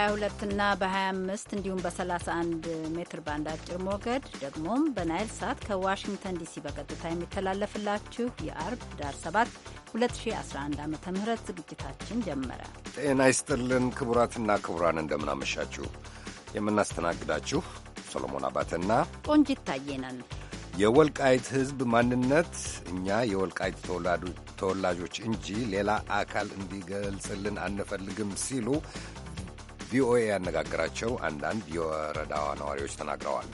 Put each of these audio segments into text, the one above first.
በ22 ና በ25 እንዲሁም በ31 ሜትር ባንድ አጭር ሞገድ ደግሞም በናይል ሳት ከዋሽንግተን ዲሲ በቀጥታ የሚተላለፍላችሁ የአርብ ዳር 7 2011 ዓ ም ዝግጅታችን ጀመረ። ጤና ይስጥልን ክቡራትና ክቡራን፣ እንደምናመሻችሁ። የምናስተናግዳችሁ ሰሎሞን አባተና ቆንጂት ታየ የወልቃይት ሕዝብ ማንነት እኛ የወልቃይት ተወላጆች እንጂ ሌላ አካል እንዲገልጽልን አንፈልግም ሲሉ ቪኦኤ ያነጋገራቸው አንዳንድ የወረዳዋ ነዋሪዎች ተናግረዋል።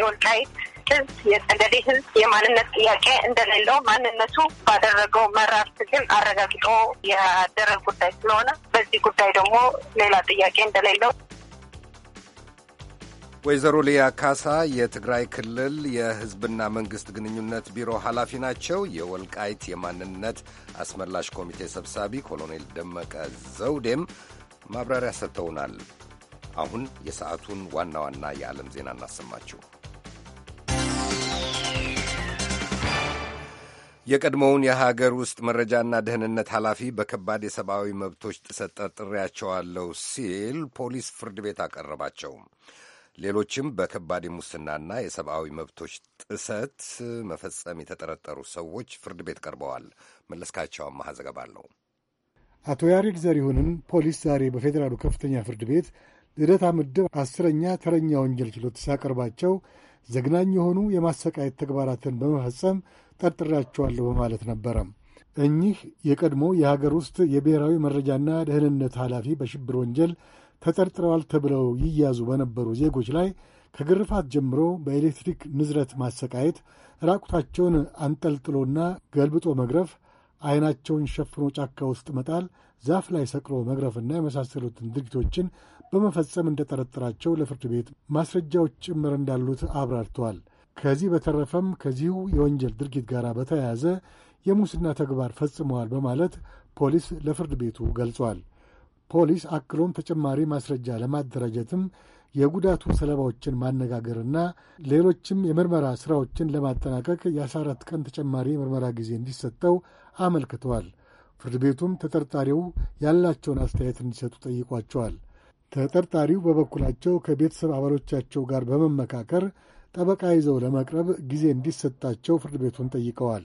የወልቃይት ህዝብ የጸገዴ ህዝብ የማንነት ጥያቄ እንደሌለው ማንነቱ ባደረገው መራር ትግል አረጋግጦ ያደረ ጉዳይ ስለሆነ በዚህ ጉዳይ ደግሞ ሌላ ጥያቄ እንደሌለው ወይዘሮ ሊያ ካሳ የትግራይ ክልል የህዝብና መንግስት ግንኙነት ቢሮ ኃላፊ ናቸው። የወልቃይት የማንነት አስመላሽ ኮሚቴ ሰብሳቢ ኮሎኔል ደመቀ ዘውዴም ማብራሪያ ሰጥተውናል። አሁን የሰዓቱን ዋና ዋና የዓለም ዜና እናሰማችሁ። የቀድሞውን የሀገር ውስጥ መረጃና ደህንነት ኃላፊ በከባድ የሰብአዊ መብቶች ጥሰት ጠርጥሬያቸዋለሁ ሲል ፖሊስ ፍርድ ቤት አቀረባቸው። ሌሎችም በከባድ የሙስናና የሰብአዊ መብቶች ጥሰት መፈጸም የተጠረጠሩ ሰዎች ፍርድ ቤት ቀርበዋል። መለስካቸው አማሃ ዘገባለሁ። አለው። አቶ ያሬድ ዘሪሁንን ፖሊስ ዛሬ በፌዴራሉ ከፍተኛ ፍርድ ቤት ልደታ ምድብ አስረኛ ተረኛ ወንጀል ችሎት ሲያቀርባቸው ዘግናኝ የሆኑ የማሰቃየት ተግባራትን በመፈጸም ጠርጥሬያቸዋለሁ በማለት ነበረ። እኚህ የቀድሞ የሀገር ውስጥ የብሔራዊ መረጃና ደህንነት ኃላፊ በሽብር ወንጀል ተጠርጥረዋል ተብለው ይያዙ በነበሩ ዜጎች ላይ ከግርፋት ጀምሮ በኤሌክትሪክ ንዝረት ማሰቃየት፣ ራቁታቸውን አንጠልጥሎና ገልብጦ መግረፍ አይናቸውን ሸፍኖ ጫካ ውስጥ መጣል፣ ዛፍ ላይ ሰቅሎ መግረፍና የመሳሰሉትን ድርጊቶችን በመፈጸም እንደጠረጠራቸው ለፍርድ ቤት ማስረጃዎች ጭምር እንዳሉት አብራርተዋል። ከዚህ በተረፈም ከዚሁ የወንጀል ድርጊት ጋር በተያያዘ የሙስና ተግባር ፈጽመዋል በማለት ፖሊስ ለፍርድ ቤቱ ገልጿል። ፖሊስ አክሎም ተጨማሪ ማስረጃ ለማደራጀትም የጉዳቱ ሰለባዎችን ማነጋገርና ሌሎችም የምርመራ ሥራዎችን ለማጠናቀቅ የአስራ አራት ቀን ተጨማሪ የምርመራ ጊዜ እንዲሰጠው አመልክተዋል። ፍርድ ቤቱም ተጠርጣሪው ያላቸውን አስተያየት እንዲሰጡ ጠይቋቸዋል። ተጠርጣሪው በበኩላቸው ከቤተሰብ አባሎቻቸው ጋር በመመካከር ጠበቃ ይዘው ለመቅረብ ጊዜ እንዲሰጣቸው ፍርድ ቤቱን ጠይቀዋል።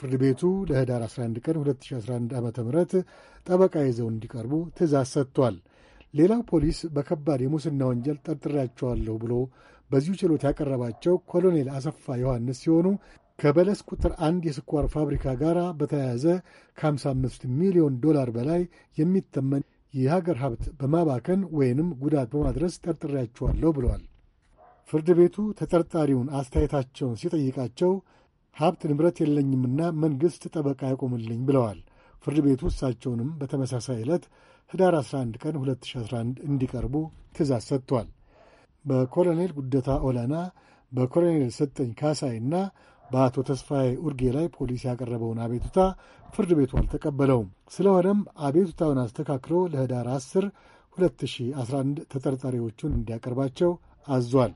ፍርድ ቤቱ ለህዳር 11 ቀን 2011 ዓ ም ጠበቃ ይዘው እንዲቀርቡ ትእዛዝ ሰጥቷል። ሌላው ፖሊስ በከባድ የሙስና ወንጀል ጠርጥሬያቸዋለሁ ብሎ በዚሁ ችሎት ያቀረባቸው ኮሎኔል አሰፋ ዮሐንስ ሲሆኑ ከበለስ ቁጥር አንድ የስኳር ፋብሪካ ጋር በተያያዘ ከ55 ሚሊዮን ዶላር በላይ የሚተመን የሀገር ሀብት በማባከን ወይንም ጉዳት በማድረስ ጠርጥሬያቸዋለሁ ብለዋል። ፍርድ ቤቱ ተጠርጣሪውን አስተያየታቸውን ሲጠይቃቸው ሀብት ንብረት የለኝምና መንግሥት ጠበቃ ያቆምልኝ ብለዋል። ፍርድ ቤቱ እሳቸውንም በተመሳሳይ ዕለት ህዳር 11 ቀን 2011 እንዲቀርቡ ትእዛዝ ሰጥቷል። በኮሎኔል ጉደታ ኦላና፣ በኮሎኔል ሰጠኝ እና በአቶ ተስፋዬ ኡርጌ ላይ ፖሊስ ያቀረበውን አቤቱታ ፍርድ ቤቱ አልተቀበለውም። ስለሆነም አቤቱታውን አስተካክሎ ለህዳር 10 2011 ተጠርጣሪዎቹን እንዲያቀርባቸው አዟል።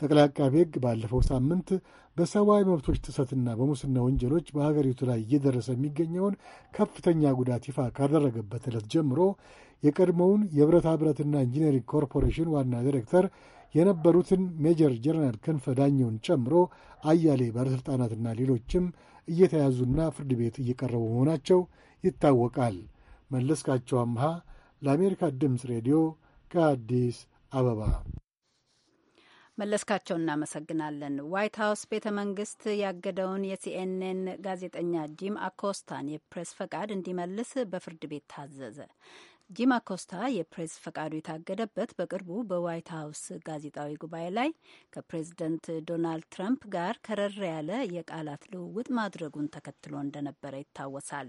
ጠቅላይ አቃቤ ሕግ ባለፈው ሳምንት በሰብአዊ መብቶች ጥሰትና በሙስና ወንጀሎች በሀገሪቱ ላይ እየደረሰ የሚገኘውን ከፍተኛ ጉዳት ይፋ ካደረገበት ዕለት ጀምሮ የቀድሞውን የብረታ ብረትና ኢንጂነሪንግ ኮርፖሬሽን ዋና ዲሬክተር የነበሩትን ሜጀር ጀነራል ክንፈ ዳኘውን ጨምሮ አያሌ ባለሥልጣናትና ሌሎችም እየተያዙና ፍርድ ቤት እየቀረቡ መሆናቸው ይታወቃል። መለስካቸው አምሃ ለአሜሪካ ድምፅ ሬዲዮ ከአዲስ አበባ። መለስካቸው እናመሰግናለን። ዋይት ሀውስ ቤተ መንግስት ያገደውን የሲኤንኤን ጋዜጠኛ ጂም አኮስታን የፕሬስ ፈቃድ እንዲመልስ በፍርድ ቤት ታዘዘ። ጂም አኮስታ የፕሬስ ፈቃዱ የታገደበት በቅርቡ በዋይት ሀውስ ጋዜጣዊ ጉባኤ ላይ ከፕሬዝደንት ዶናልድ ትራምፕ ጋር ከረር ያለ የቃላት ልውውጥ ማድረጉን ተከትሎ እንደነበረ ይታወሳል።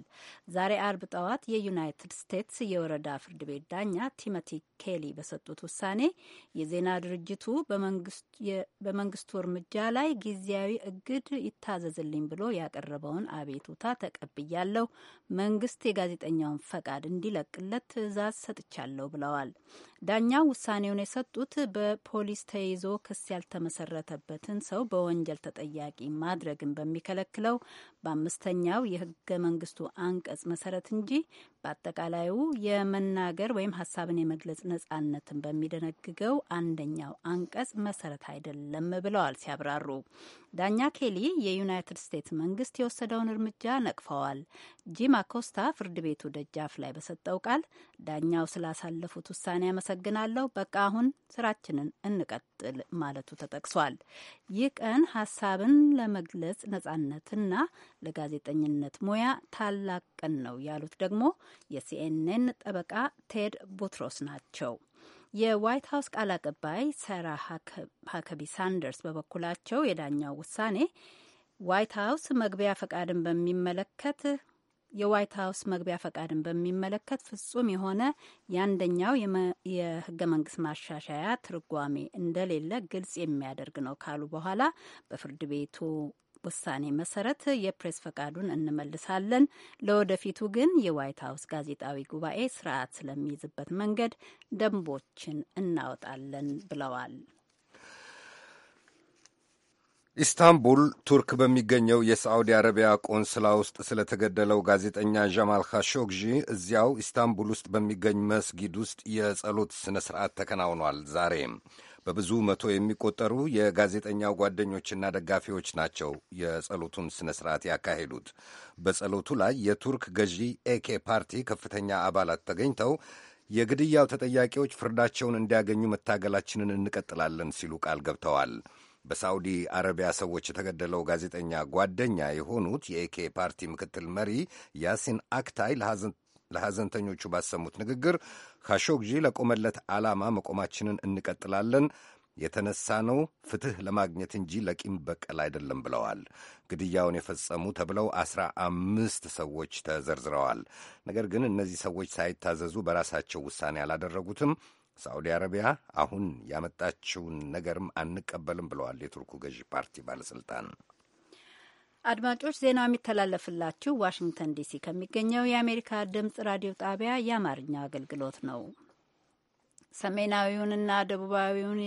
ዛሬ አርብ ጠዋት የዩናይትድ ስቴትስ የወረዳ ፍርድ ቤት ዳኛ ቲሞቲ ኬሊ በሰጡት ውሳኔ የዜና ድርጅቱ በመንግስቱ እርምጃ ላይ ጊዜያዊ እግድ ይታዘዝልኝ ብሎ ያቀረበውን አቤቱታ ተቀብያለሁ። መንግስት የጋዜጠኛውን ፈቃድ እንዲለቅለት ትዕዛዝ ሰጥቻለሁ ብለዋል። ዳኛው ውሳኔውን የሰጡት በፖሊስ ተይዞ ክስ ያልተመሰረተበትን ሰው በወንጀል ተጠያቂ ማድረግን በሚከለክለው በአምስተኛው የህገ መንግስቱ አንቀጽ መሰረት እንጂ በአጠቃላዩ የመናገር ወይም ሀሳብን የመግለጽ ነጻነትን በሚደነግገው አንደኛው አንቀጽ መሰረት አይደለም ብለዋል ሲያብራሩ። ዳኛ ኬሊ የዩናይትድ ስቴትስ መንግስት የወሰደውን እርምጃ ነቅፈዋል። ጂም አኮስታ ፍርድ ቤቱ ደጃፍ ላይ በሰጠው ቃል ዳኛው ስላሳለፉት ውሳኔ አመሰግናለሁ፣ በቃ አሁን ስራችንን እንቀጥል ማለቱ ተጠቅሷል። ይህ ቀን ሀሳብን ለመግለጽ ነጻነትና ለጋዜጠኝነት ሙያ ታላቅ ቀን ነው ያሉት ደግሞ የሲኤንኤን ጠበቃ ቴድ ቡትሮስ ናቸው። የዋይት ሀውስ ቃል አቀባይ ሰራ ሀከቢ ሳንደርስ በበኩላቸው የዳኛው ውሳኔ ዋይት ሀውስ መግቢያ ፈቃድን በሚመለከት የዋይት ሀውስ መግቢያ ፈቃድን በሚመለከት ፍጹም የሆነ የአንደኛው የህገ መንግስት ማሻሻያ ትርጓሜ እንደሌለ ግልጽ የሚያደርግ ነው ካሉ በኋላ በፍርድ ቤቱ ውሳኔ መሰረት የፕሬስ ፈቃዱን እንመልሳለን፣ ለወደፊቱ ግን የዋይት ሀውስ ጋዜጣዊ ጉባኤ ስርዓት ስለሚይዝበት መንገድ ደንቦችን እናወጣለን ብለዋል። ኢስታንቡል ቱርክ በሚገኘው የሳዑዲ አረቢያ ቆንስላ ውስጥ ስለተገደለው ጋዜጠኛ ጀማል ካሾግዢ እዚያው ኢስታንቡል ውስጥ በሚገኝ መስጊድ ውስጥ የጸሎት ሥነ ሥርዓት ተከናውኗል። ዛሬ በብዙ መቶ የሚቆጠሩ የጋዜጠኛው ጓደኞችና ደጋፊዎች ናቸው የጸሎቱን ሥነ ሥርዓት ያካሄዱት። በጸሎቱ ላይ የቱርክ ገዢ ኤኬ ፓርቲ ከፍተኛ አባላት ተገኝተው የግድያው ተጠያቂዎች ፍርዳቸውን እንዲያገኙ መታገላችንን እንቀጥላለን ሲሉ ቃል ገብተዋል። በሳውዲ አረቢያ ሰዎች የተገደለው ጋዜጠኛ ጓደኛ የሆኑት የኤኬ ፓርቲ ምክትል መሪ ያሲን አክታይ ለሐዘንተኞቹ ባሰሙት ንግግር ካሾግጂ ለቆመለት ዓላማ መቆማችንን እንቀጥላለን የተነሳ ነው ፍትህ ለማግኘት እንጂ ለቂም በቀል አይደለም ብለዋል። ግድያውን የፈጸሙ ተብለው አስራ አምስት ሰዎች ተዘርዝረዋል። ነገር ግን እነዚህ ሰዎች ሳይታዘዙ በራሳቸው ውሳኔ አላደረጉትም፣ ሳዑዲ አረቢያ አሁን ያመጣችውን ነገርም አንቀበልም ብለዋል የቱርኩ ገዢ ፓርቲ ባለስልጣን። አድማጮች ዜናው የሚተላለፍላችሁ ዋሽንግተን ዲሲ ከሚገኘው የአሜሪካ ድምፅ ራዲዮ ጣቢያ የአማርኛ አገልግሎት ነው። ሰሜናዊውንና ደቡባዊውን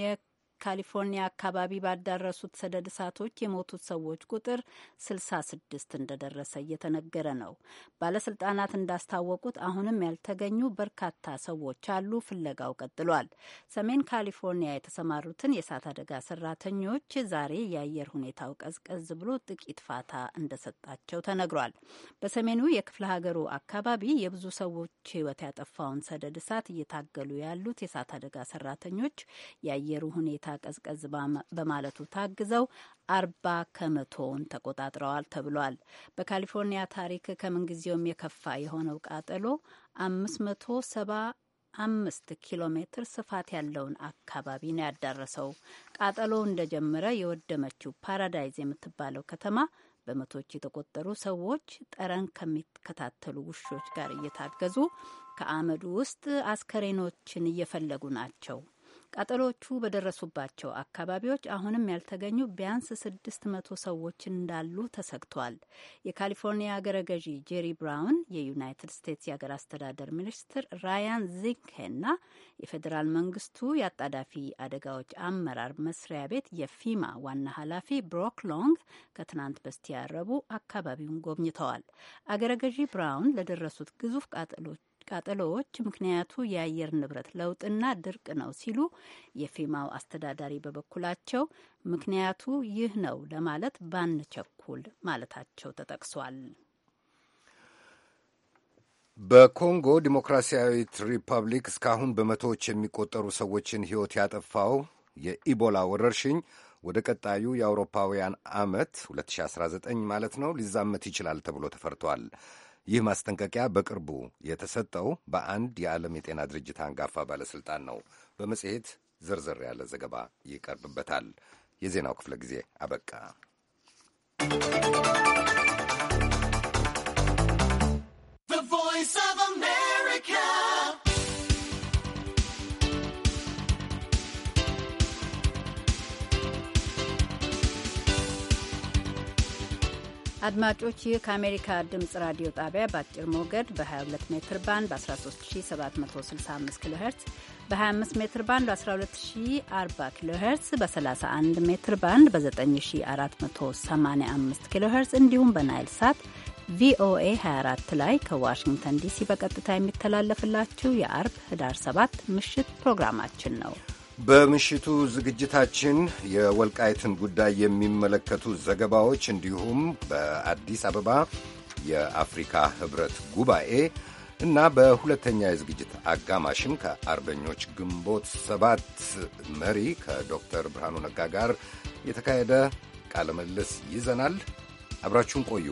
ካሊፎርኒያ አካባቢ ባዳረሱት ሰደድ እሳቶች የሞቱት ሰዎች ቁጥር 66 እንደደረሰ እየተነገረ ነው። ባለስልጣናት እንዳስታወቁት አሁንም ያልተገኙ በርካታ ሰዎች አሉ። ፍለጋው ቀጥሏል። ሰሜን ካሊፎርኒያ የተሰማሩትን የእሳት አደጋ ሰራተኞች ዛሬ የአየር ሁኔታው ቀዝቀዝ ብሎ ጥቂት ፋታ እንደሰጣቸው ተነግሯል። በሰሜኑ የክፍለ ሀገሩ አካባቢ የብዙ ሰዎች ሕይወት ያጠፋውን ሰደድ እሳት እየታገሉ ያሉት የእሳት አደጋ ሰራተኞች የአየሩ ሁኔታ ቀዝቀዝ በማለቱ ታግዘው አርባ ከመቶውን ተቆጣጥረዋል ተብሏል። በካሊፎርኒያ ታሪክ ከምንጊዜውም የከፋ የሆነው ቃጠሎ አምስት መቶ ሰባ አምስት ኪሎ ሜትር ስፋት ያለውን አካባቢ ነው ያዳረሰው። ቃጠሎ እንደጀመረ የወደመችው ፓራዳይዝ የምትባለው ከተማ በመቶዎች የተቆጠሩ ሰዎች ጠረን ከሚከታተሉ ውሾች ጋር እየታገዙ ከአመዱ ውስጥ አስከሬኖችን እየፈለጉ ናቸው። ቃጠሎቹ በደረሱባቸው አካባቢዎች አሁንም ያልተገኙ ቢያንስ ስድስት መቶ ሰዎች እንዳሉ ተሰግቷል። የካሊፎርኒያ አገረ ገዢ ጄሪ ብራውን፣ የዩናይትድ ስቴትስ የአገር አስተዳደር ሚኒስትር ራያን እና የፌዴራል መንግስቱ የአጣዳፊ አደጋዎች አመራር መስሪያ ቤት የፊማ ዋና ኃላፊ ብሮክ ሎንግ ከትናንት በስቲያ ረቡዕ አካባቢውን ጎብኝተዋል። አገረ ገዢ ብራውን ለደረሱት ግዙፍ ቃጠሎች ቃጠሎዎች ምክንያቱ የአየር ንብረት ለውጥና ድርቅ ነው ሲሉ የፌማው አስተዳዳሪ በበኩላቸው ምክንያቱ ይህ ነው ለማለት ባንቸኩል ማለታቸው ተጠቅሷል። በኮንጎ ዲሞክራሲያዊት ሪፐብሊክ እስካሁን በመቶዎች የሚቆጠሩ ሰዎችን ሕይወት ያጠፋው የኢቦላ ወረርሽኝ ወደ ቀጣዩ የአውሮፓውያን ዓመት 2019 ማለት ነው ሊዛመት ይችላል ተብሎ ተፈርቷል። ይህ ማስጠንቀቂያ በቅርቡ የተሰጠው በአንድ የዓለም የጤና ድርጅት አንጋፋ ባለሥልጣን ነው። በመጽሔት ዝርዝር ያለ ዘገባ ይቀርብበታል። የዜናው ክፍለ ጊዜ አበቃ። አድማጮች ይህ ከአሜሪካ ድምፅ ራዲዮ ጣቢያ በአጭር ሞገድ በ22 ሜትር ባንድ በ13765 ኪሎ ሄርትስ በ25 ሜትር ባንድ በ1240 ኪሎ ሄርትስ በ31 ሜትር ባንድ በ9485 ኪሎ ሄርትስ እንዲሁም በናይል ሳት ቪኦኤ 24 ላይ ከዋሽንግተን ዲሲ በቀጥታ የሚተላለፍላችሁ የአርብ ህዳር 7 ምሽት ፕሮግራማችን ነው። በምሽቱ ዝግጅታችን የወልቃይትን ጉዳይ የሚመለከቱ ዘገባዎች እንዲሁም በአዲስ አበባ የአፍሪካ ህብረት ጉባኤ እና በሁለተኛ የዝግጅት አጋማሽም ከአርበኞች ግንቦት ሰባት መሪ ከዶክተር ብርሃኑ ነጋ ጋር የተካሄደ ቃለ ምልልስ ይዘናል። አብራችሁን ቆዩ።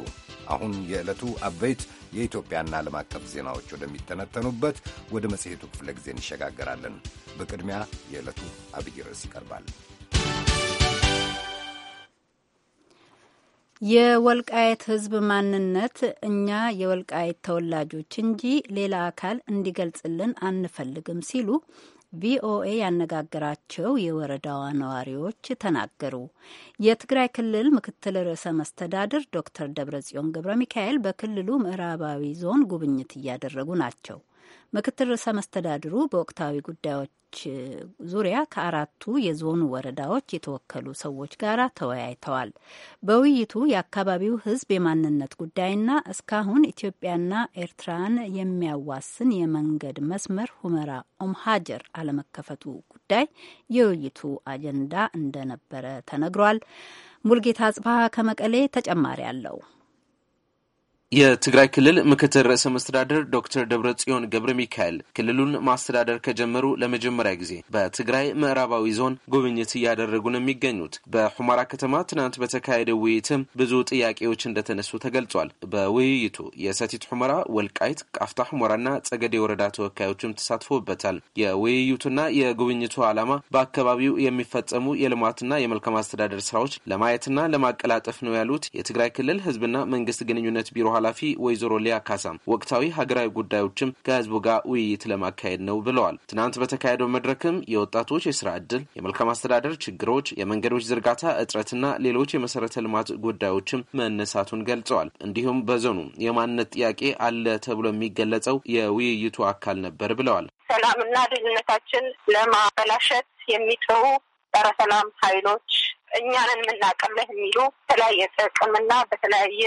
አሁን የዕለቱ አበይት የኢትዮጵያና ዓለም አቀፍ ዜናዎች ወደሚተነተኑበት ወደ መጽሔቱ ክፍለ ጊዜ እንሸጋገራለን። በቅድሚያ የዕለቱ አብይ ርዕስ ይቀርባል። የወልቃየት ሕዝብ ማንነት እኛ የወልቃየት ተወላጆች እንጂ ሌላ አካል እንዲገልጽልን አንፈልግም ሲሉ ቪኦኤ ያነጋገራቸው የወረዳዋ ነዋሪዎች ተናገሩ። የትግራይ ክልል ምክትል ርዕሰ መስተዳድር ዶክተር ደብረጽዮን ገብረ ሚካኤል በክልሉ ምዕራባዊ ዞን ጉብኝት እያደረጉ ናቸው። ምክትል ርዕሰ መስተዳድሩ በወቅታዊ ጉዳዮች ዙሪያ ከአራቱ የዞኑ ወረዳዎች የተወከሉ ሰዎች ጋር ተወያይተዋል። በውይይቱ የአካባቢው ሕዝብ የማንነት ጉዳይና እስካሁን ኢትዮጵያና ኤርትራን የሚያዋስን የመንገድ መስመር ሁመራ ኦምሃጀር አለመከፈቱ ጉዳይ የውይይቱ አጀንዳ እንደነበረ ተነግሯል። ሙልጌታ ጽባሀ ከመቀሌ ተጨማሪ አለው። የትግራይ ክልል ምክትል ርዕሰ መስተዳደር ዶክተር ደብረጽዮን ገብረ ሚካኤል ክልሉን ማስተዳደር ከጀመሩ ለመጀመሪያ ጊዜ በትግራይ ምዕራባዊ ዞን ጉብኝት እያደረጉ ነው የሚገኙት። በሁመራ ከተማ ትናንት በተካሄደው ውይይትም ብዙ ጥያቄዎች እንደተነሱ ተገልጿል። በውይይቱ የሰቲት ሁመራ፣ ወልቃይት፣ ቃፍታ ሁመራና ጸገዴ ወረዳ ተወካዮችም ተሳትፎበታል። የውይይቱና የጉብኝቱ ዓላማ በአካባቢው የሚፈጸሙ የልማትና የመልካም አስተዳደር ስራዎች ለማየትና ለማቀላጠፍ ነው ያሉት የትግራይ ክልል ህዝብና መንግስት ግንኙነት ቢሮ ኃላፊ ወይዘሮ ሊያ ካሳም ወቅታዊ ሀገራዊ ጉዳዮችም ከህዝቡ ጋር ውይይት ለማካሄድ ነው ብለዋል። ትናንት በተካሄደው መድረክም የወጣቶች የስራ ዕድል፣ የመልካም አስተዳደር ችግሮች፣ የመንገዶች ዝርጋታ እጥረትና ሌሎች የመሰረተ ልማት ጉዳዮችም መነሳቱን ገልጸዋል። እንዲሁም በዞኑ የማንነት ጥያቄ አለ ተብሎ የሚገለጸው የውይይቱ አካል ነበር ብለዋል። ሰላምና ደህንነታችን ለማበላሸት የሚጥሩ ጸረ ሰላም ኃይሎች እኛንን የምናቀለህ የሚሉ በተለያየ ጥቅምና በተለያየ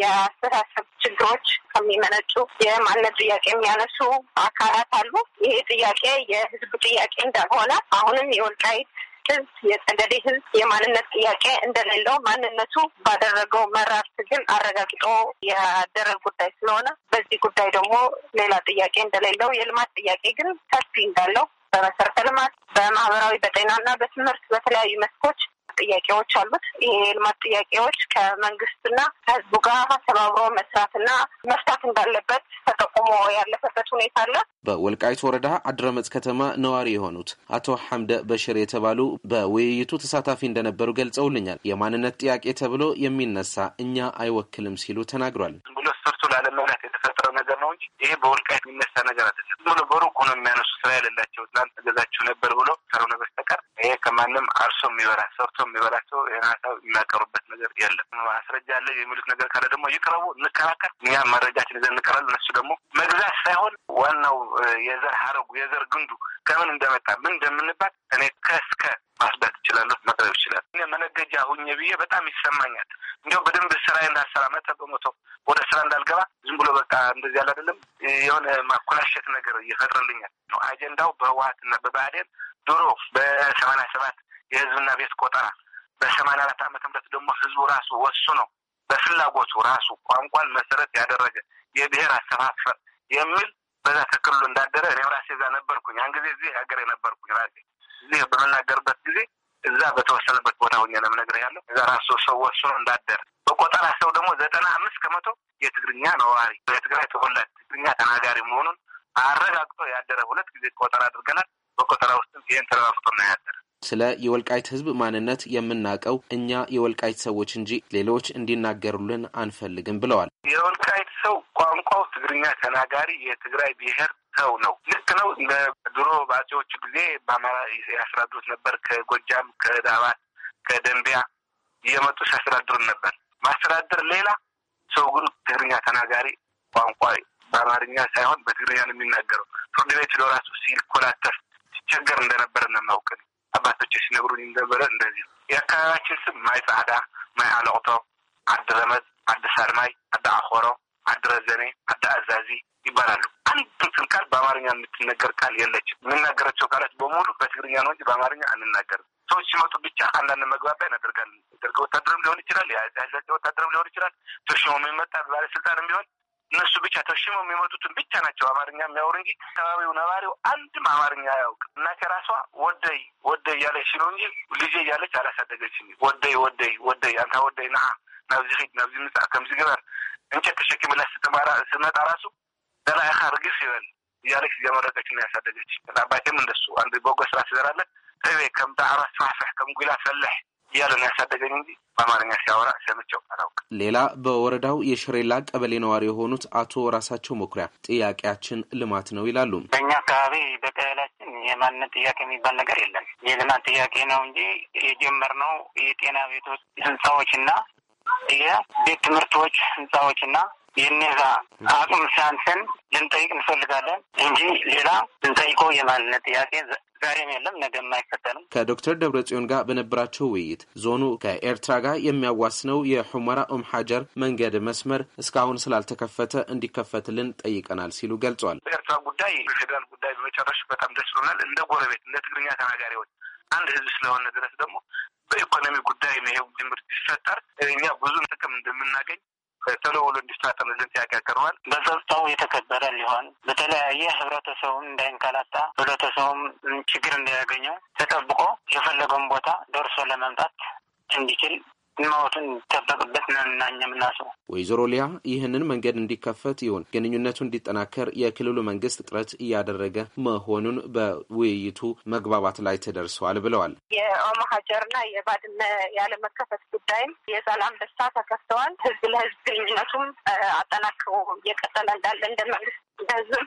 የአስተሳሰብ ችግሮች ከሚመነጩ የማንነት ጥያቄ የሚያነሱ አካላት አሉ። ይሄ ጥያቄ የህዝብ ጥያቄ እንዳልሆነ አሁንም የወልቃይት ህዝብ የጠገዴ ህዝብ የማንነት ጥያቄ እንደሌለው ማንነቱ ባደረገው መራር ትግል አረጋግጦ ያደረግ ጉዳይ ስለሆነ በዚህ ጉዳይ ደግሞ ሌላ ጥያቄ እንደሌለው የልማት ጥያቄ ግን ሰፊ እንዳለው በመሰረተ ልማት፣ በማህበራዊ፣ በጤናና በትምህርት በተለያዩ መስኮች ጥያቄዎች አሉት። ይሄ የልማት ጥያቄዎች ከመንግስትና ከህዝቡ ጋር ተባብሮ መስራትና መፍታት እንዳለበት ተጠቁሞ ያለፈበት ሁኔታ አለ። በወልቃይት ወረዳ አድረመጽ ከተማ ነዋሪ የሆኑት አቶ ሐምደ በሽር የተባሉ በውይይቱ ተሳታፊ እንደነበሩ ገልጸውልኛል። የማንነት ጥያቄ ተብሎ የሚነሳ እኛ አይወክልም ሲሉ ተናግሯል። ብሎ ስርቱ ላለመብላት የተፈጠረ ነገር ነው ሰዎች ይሄ በወልቃይት የሚነሳ ነገር አይደለም። ብሎ በሩቁ ነው የሚያነሱ ስራ የሌላቸው ትናንት ገዛችሁ ነበር ብሎ ካልሆነ በስተቀር ይሄ ከማንም አርሶ የሚበላ ሰርቶ የሚበላ ሰው ይህን ሀሳብ የሚያቀሩበት ነገር የለም። ማስረጃ አለ የሚሉት ነገር ካለ ደግሞ ይቅረቡ፣ እንከራከር። እኛ መረጃችን ይዘን እንቀራል። እነሱ ደግሞ መግዛት ሳይሆን ዋናው የዘር ሀረጉ የዘር ግንዱ ከምን እንደመጣ ምን እንደምንባት እኔ ከስከ ማስዳት ይችላለሁ፣ መቅረብ ይችላል። እኔ መነገጃ ሁኜ ብዬ በጣም ይሰማኛል። እንዲሁም በደንብ ስራ እንዳሰራ መቶ በመቶ ወደ ስራ እንዳልገባ ዝም ብሎ በቃ እንደዚህ ያለ አይደለም የሆነ ማኮላሸት ነገር እየፈጥርልኛል። አጀንዳው በህወሀትና በብአዴን ድሮ በሰማንያ ሰባት የህዝብና ቤት ቆጠራ በሰማንያ አራት ዓመተ ምህረት ደግሞ ህዝቡ ራሱ ወስኖ በፍላጎቱ ራሱ ቋንቋን መሰረት ያደረገ የብሔር አሰፋፈር የሚል በዛ ተክሉ እንዳደረ እኔም ራሴ እዛ ነበርኩኝ። አንጊዜ ጊዜ እዚህ ሀገር የነበርኩኝ ራሴ እዚህ በምናገርበት ጊዜ እዛ በተወሰነበት ቦታ ሁኜ ነው የምነግርህ ያለው። እዛ ራሱ ሰው ወስኖ እንዳደር በቆጠራ ሰው ደግሞ ዘጠና አምስት ከመቶ የትግርኛ ነዋሪ በትግራይ ተወላጅ ትግርኛ ተናጋሪ መሆኑን አረጋግጦ ያደረ ሁለት ጊዜ ቆጠራ አድርገናል። በቆጠራ ውስጥም ይህን ተረጋግጦ ነው ያደረ። ስለ የወልቃይት ህዝብ ማንነት የምናውቀው እኛ የወልቃይት ሰዎች እንጂ ሌሎች እንዲናገሩልን አንፈልግም ብለዋል። የወልቃይት ሰው ቋንቋው ትግርኛ ተናጋሪ የትግራይ ብሔር ሰው ነው። ልክ ነው። ድሮ በአጼዎቹ ጊዜ በአማራ ያስተዳድሩት ነበር። ከጎጃም፣ ከዳባት፣ ከደንቢያ እየመጡ ሲያስተዳድሩን ነበር። ማስተዳደር ሌላ ሰው ግን ትግርኛ ተናጋሪ ቋንቋ በአማርኛ ሳይሆን በትግርኛ ነው የሚናገረው። ፍርድ ቤት ለራሱ ሲኮላተፍ ሲቸገር እንደነበር። ነው አባቶች ሲነግሩን ነበረ እንደዚህ የአካባቢያችን ስም ማይ ጻዕዳ፣ ማይ አለቅቶ፣ ዓዲ ረመፅ፣ ዓዲ ሳልማይ፣ ዓዲ አኮሮ፣ ዓዲ ረዘኔ፣ ዓዲ አዛዚ ይባላሉ። አንድ እንትን ቃል በአማርኛ የምትነገር ቃል የለችም። የምናገራቸው ቃላት በሙሉ በትግርኛ ነው እንጂ በአማርኛ አንናገርም። ሰዎች ሲመጡ ብቻ አንዳንድ መግባቢያ እናደርጋለን። ደርገ ወታደርም ሊሆን ይችላል፣ የአዛዥ ወታደርም ሊሆን ይችላል፣ ትርሽሞ የሚመጣ ባለስልጣንም ቢሆን እነሱ ብቻ ተሽሞ የሚመጡትን ብቻ ናቸው አማርኛ የሚያወሩ እንጂ አካባቢው ነባሪው አንድም አማርኛ አያውቅ እና ከራሷ ወደይ ወደይ እያለች ሲለው እንጂ ልጄ እያለች አላሳደገችኝ። ወደይ ወደይ ወደይ አንታ ወደይ ና ናብዚ ሒድ ናብዚ ምፅእ ከምዚ ግበር እንጨት ተሸኪምላ ስመጣ ራሱ ዘላይኻ ርግስ ይበል እያለች እያመረቀች እና ያሳደገች አባቴም እንደሱ አንድ በጎ ስራ ትዘራለች ህቤ ከምታ ዓራት ስፋሕፍሕ ከምጉላ ጉላ እያለ ነው ያሳደገኝ እንጂ በአማርኛ ሲያወራ ሰምቼው አላውቅም። ሌላ በወረዳው የሽሬላ ቀበሌ ነዋሪ የሆኑት አቶ ራሳቸው መኩሪያ ጥያቄያችን ልማት ነው ይላሉ። በእኛ አካባቢ በቀበሌያችን የማንነት ጥያቄ የሚባል ነገር የለም። የልማት ጥያቄ ነው እንጂ የጀመርነው የጤና ቤቶች ህንፃዎችና የቤት ትምህርቶች ህንፃዎችና የእነዛ አቅም ሳንሰን ልንጠይቅ እንፈልጋለን እንጂ ሌላ ልንጠይቀው የማንነት ጥያቄ ዛሬም የለም ነገም አይከተልም። ከዶክተር ደብረ ጽዮን ጋር በነበራቸው ውይይት ዞኑ ከኤርትራ ጋር የሚያዋስነው የሑመራ ኡም ሐጀር መንገድ መስመር እስካሁን ስላልተከፈተ እንዲከፈትልን ጠይቀናል ሲሉ ገልጿል። በኤርትራ ጉዳይ በፌዴራል ጉዳይ በመጨረሽ በጣም ደስ ብሎናል። እንደ ጎረቤት እንደ ትግርኛ ተናጋሪዎች አንድ ህዝብ ስለሆነ ድረስ ደግሞ በኢኮኖሚ ጉዳይ ነው ይሄ ድምር ሲፈጠር እኛ ብዙ ጥቅም እንደምናገኝ ተለውሎ እንዲፋጠንልን ጥያቄ ያቀርባል። በጸጥታው የተከበረ ሊሆን በተለያየ ህብረተሰቡም እንዳይንከላታ ህብረተሰቡም ችግር እንዳያገኘው ተጠብቆ የፈለገውን ቦታ ደርሶ ለመምጣት እንዲችል መወትን ይጠበቅበት ነና የምናስበው ወይዘሮ ሊያ ይህንን መንገድ እንዲከፈት ይሁን ግንኙነቱ እንዲጠናከር የክልሉ መንግስት ጥረት እያደረገ መሆኑን በውይይቱ መግባባት ላይ ተደርሰዋል ብለዋል። የኦሞ ሀጀርና የባድመ ያለመከፈት ጉዳይም የሰላም ደስታ ተከፍተዋል። ህዝብ ለህዝብ ግንኙነቱም አጠናክሮ እየቀጠለ እንዳለ እንደ መንግስት በህዝብም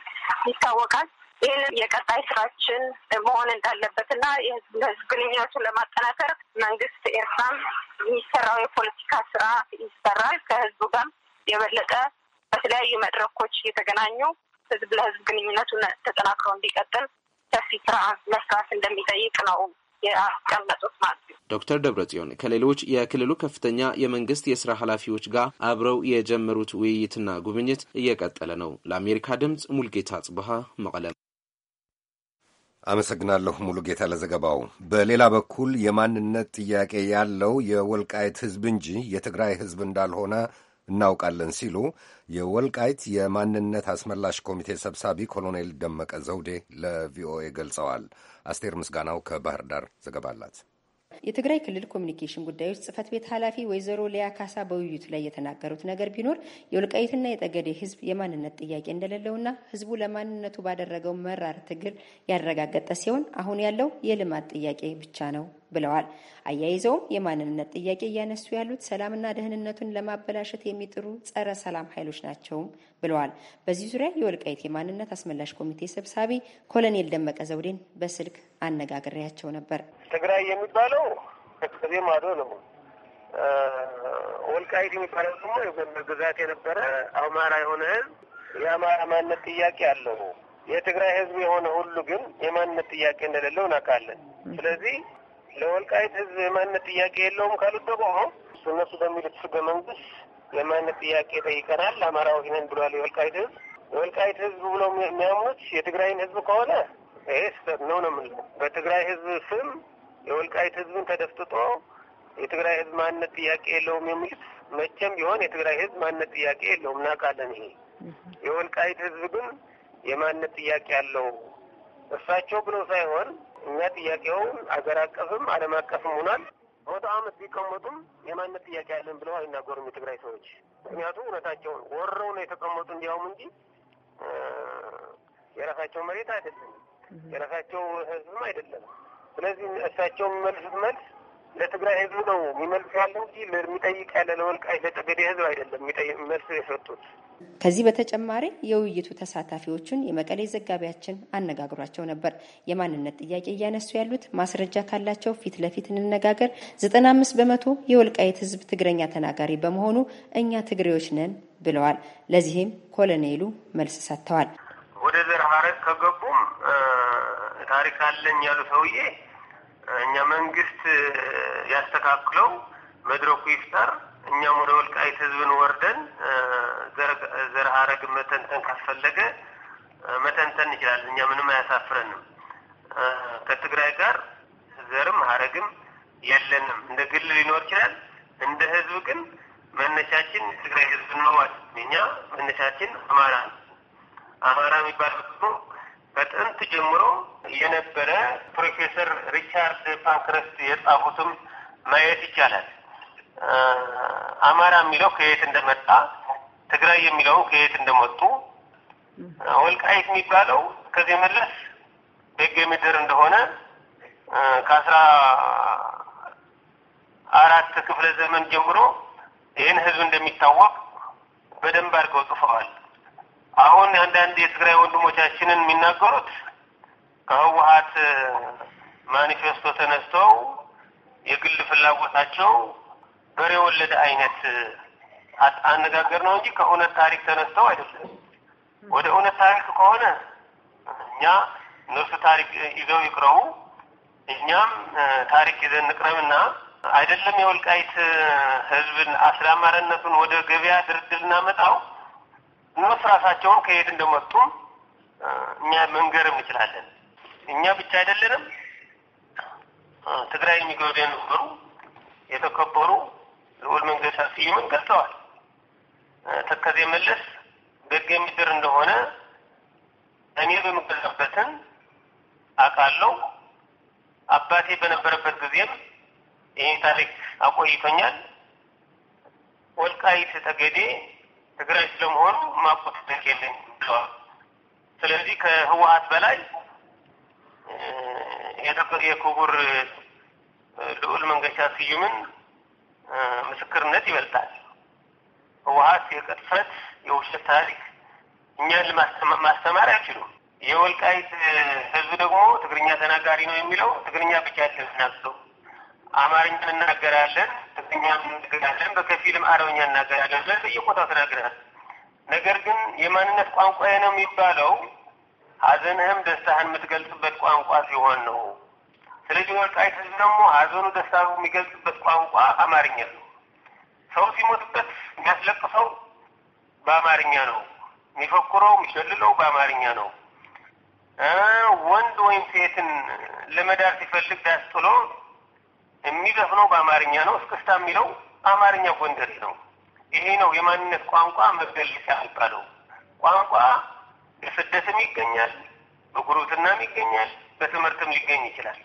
ይታወቃል። ይህን የቀጣይ ስራችን መሆን እንዳለበትና የህዝብ ለህዝብ ግንኙነቱን ለማጠናከር መንግስት ኤርትራም የሚሰራው የፖለቲካ ስራ ይሰራል። ከህዝቡ ጋር የበለጠ በተለያዩ መድረኮች እየተገናኙ ህዝብ ለህዝብ ግንኙነቱን ተጠናክሮ እንዲቀጥል ሰፊ ስራ መስራት እንደሚጠይቅ ነው ያስቀመጡት ማለት ዶክተር ደብረጽዮን ከሌሎች የክልሉ ከፍተኛ የመንግስት የስራ ኃላፊዎች ጋር አብረው የጀመሩት ውይይትና ጉብኝት እየቀጠለ ነው። ለአሜሪካ ድምፅ ሙልጌታ ጽብሃ መቀለም አመሰግናለሁ ሙሉ ጌታ ለዘገባው። በሌላ በኩል የማንነት ጥያቄ ያለው የወልቃይት ሕዝብ እንጂ የትግራይ ሕዝብ እንዳልሆነ እናውቃለን ሲሉ የወልቃይት የማንነት አስመላሽ ኮሚቴ ሰብሳቢ ኮሎኔል ደመቀ ዘውዴ ለቪኦኤ ገልጸዋል። አስቴር ምስጋናው ከባህር ዳር ዘገባ አላት። የትግራይ ክልል ኮሚኒኬሽን ጉዳዮች ጽህፈት ቤት ኃላፊ ወይዘሮ ሊያ ካሳ በውይይቱ ላይ የተናገሩት ነገር ቢኖር የወልቃይትና የጠገዴ ህዝብ የማንነት ጥያቄ እንደሌለውና ህዝቡ ለማንነቱ ባደረገው መራር ትግል ያረጋገጠ ሲሆን አሁን ያለው የልማት ጥያቄ ብቻ ነው ብለዋል። አያይዘውም የማንነት ጥያቄ እያነሱ ያሉት ሰላምና ደህንነቱን ለማበላሸት የሚጥሩ ጸረ ሰላም ኃይሎች ናቸውም ብለዋል። በዚህ ዙሪያ የወልቃይት የማንነት አስመላሽ ኮሚቴ ሰብሳቢ ኮሎኔል ደመቀ ዘውዴን በስልክ አነጋግሬያቸው ነበር። ትግራይ የሚባለው ከቅቤ ማዶ ነው። ወልቃይት የሚባለው ደግሞ የጎንደር ግዛት የነበረ አማራ የሆነ ህዝብ የአማራ ማንነት ጥያቄ አለው። የትግራይ ህዝብ የሆነ ሁሉ ግን የማንነት ጥያቄ እንደሌለው እናውቃለን። ስለዚህ ለወልቃይት ህዝብ የማንነት ጥያቄ የለውም ካሉት ደግሞ እነሱ በሚሉት ህገ መንግስት የማንነት ጥያቄ ጠይቀናል፣ አማራዎች ነን ብሏል የወልቃይት ህዝብ። የወልቃይት ህዝብ ብሎ የሚያምኑት የትግራይን ህዝብ ከሆነ ይሄ ስህተት ነው ነው የምንለው። በትግራይ ህዝብ ስም የወልቃይት ህዝብን ተደፍጥጦ የትግራይ ህዝብ ማንነት ጥያቄ የለውም የሚሉት መቼም ቢሆን የትግራይ ህዝብ ማንነት ጥያቄ የለውም እናውቃለን። ይሄ የወልቃይት ህዝብ ግን የማንነት ጥያቄ አለው እሳቸው ብለው ሳይሆን እኛ ጥያቄውም አገር አቀፍም ዓለም አቀፍም ሆኗል። መቶ ዓመት ቢቀመጡም የማንነት ጥያቄ አለን ብለው አይናገሩም የትግራይ ሰዎች። ምክንያቱም እውነታቸውን ወረው ነው የተቀመጡ እንዲያውም እንጂ የራሳቸው መሬት አይደለም፣ የራሳቸው ህዝብም አይደለም። ስለዚህ እሳቸው መልሱት መልስ ለትግራይ ህዝብ ነው የሚመልሱ ያለ እንጂ የሚጠይቅ ያለ ለወልቃይት ለጠገዴ ህዝብ አይደለም መልስ የሰጡት። ከዚህ በተጨማሪ የውይይቱ ተሳታፊዎቹን የመቀሌ ዘጋቢያችን አነጋግሯቸው ነበር። የማንነት ጥያቄ እያነሱ ያሉት ማስረጃ ካላቸው ፊት ለፊት እንነጋገር፣ ዘጠና አምስት በመቶ የወልቃይት ህዝብ ትግረኛ ተናጋሪ በመሆኑ እኛ ትግሬዎች ነን ብለዋል። ለዚህም ኮሎኔሉ መልስ ሰጥተዋል። ወደ ዘር ሀረግ ከገቡም ታሪክ አለኝ ያሉ ሰውዬ እኛ መንግስት ያስተካክለው፣ መድረኩ ይፍጠር። እኛም ወደ ወልቃይት ህዝብን ወርደን ዘር ሀረግ መተንተን ካስፈለገ መተንተን እንችላለን። እኛ ምንም አያሳፍረንም። ከትግራይ ጋር ዘርም ሀረግም የለንም። እንደ ግል ሊኖር ይችላል። እንደ ህዝብ ግን መነሻችን ትግራይ ህዝብ መዋል እኛ መነሻችን አማራ አማራ የሚባል ህዝቡ በጥንት ጀምሮ የነበረ ፕሮፌሰር ሪቻርድ ፓንክረስት የጻፉትም ማየት ይቻላል። አማራ የሚለው ከየት እንደመጣ፣ ትግራይ የሚለው ከየት እንደመጡ፣ ወልቃይት የሚባለው ከዚህ መለስ ደገ ምድር እንደሆነ ከአስራ አራት ክፍለ ዘመን ጀምሮ ይህን ህዝብ እንደሚታወቅ በደንብ አድርገው ጽፈዋል። አሁን አንዳንድ የትግራይ ወንድሞቻችንን የሚናገሩት ከህወሀት ማኒፌስቶ ተነስተው የግል ፍላጎታቸው በሬ ወለደ አይነት አነጋገር ነው እንጂ ከእውነት ታሪክ ተነስተው አይደለም። ወደ እውነት ታሪክ ከሆነ እኛ እነሱ ታሪክ ይዘው ይቅረቡ፣ እኛም ታሪክ ይዘን እንቅረብና አይደለም የወልቃይት ህዝብን አስራ ወደ ገበያ ድርድር እናመጣው። እነሱ ራሳቸውን ከየት እንደመጡም እኛ መንገርም እንችላለን። እኛ ብቻ አይደለንም። ትግራይ የሚገቡ የነበሩ የተከበሩ ልዑል መንገሻ ስዩምን ገልጸዋል። ተከዜ መለስ ገገ የሚድር እንደሆነ እኔ በምገዛበትን አውቃለሁ። አባቴ በነበረበት ጊዜም ይህ ታሪክ አቆይቶኛል። ወልቃይት ተገዴ ትግራይ ስለመሆኑ ማቆት የለኝ ብለዋል። ስለዚህ ከህወሀት በላይ የዶክተር የክቡር ልዑል መንገሻ ስዩምን ምስክርነት ይበልጣል። ህወሀት የቅጥፈት የውሸት ታሪክ እኛን ማስተማር አይችሉም። የወልቃይት ህዝብ ደግሞ ትግርኛ ተናጋሪ ነው የሚለው ትግርኛ ብቻ ልናግዘው አማርኛ እናገራለን፣ ትግርኛ እናገራለን፣ በከፊልም አረብኛ እናገራለን። በየቦታው ተናግረናል። ነገር ግን የማንነት ቋንቋ ነው የሚባለው ሀዘንህም ደስታህን የምትገልጽበት ቋንቋ ሲሆን ነው። ስለዚህ ወልቃይ ህዝብ ደግሞ ሀዘኑ ደስታ የሚገልጽበት ቋንቋ አማርኛ ነው። ሰው ሲሞትበት የሚያስለቅሰው በአማርኛ ነው። የሚፈኩረው የሚሸልለው በአማርኛ ነው። ወንድ ወይም ሴትን ለመዳር ሲፈልግ ዳስ ጥሎ የሚዘፍነው በአማርኛ ነው። እስክስታ የሚለው አማርኛ ጎንደሬ ነው። ይሄ ነው የማንነት ቋንቋ መገለጫ ይባለው ቋንቋ በስደትም ይገኛል፣ በጉርብትናም ይገኛል፣ በትምህርትም ሊገኝ ይችላል።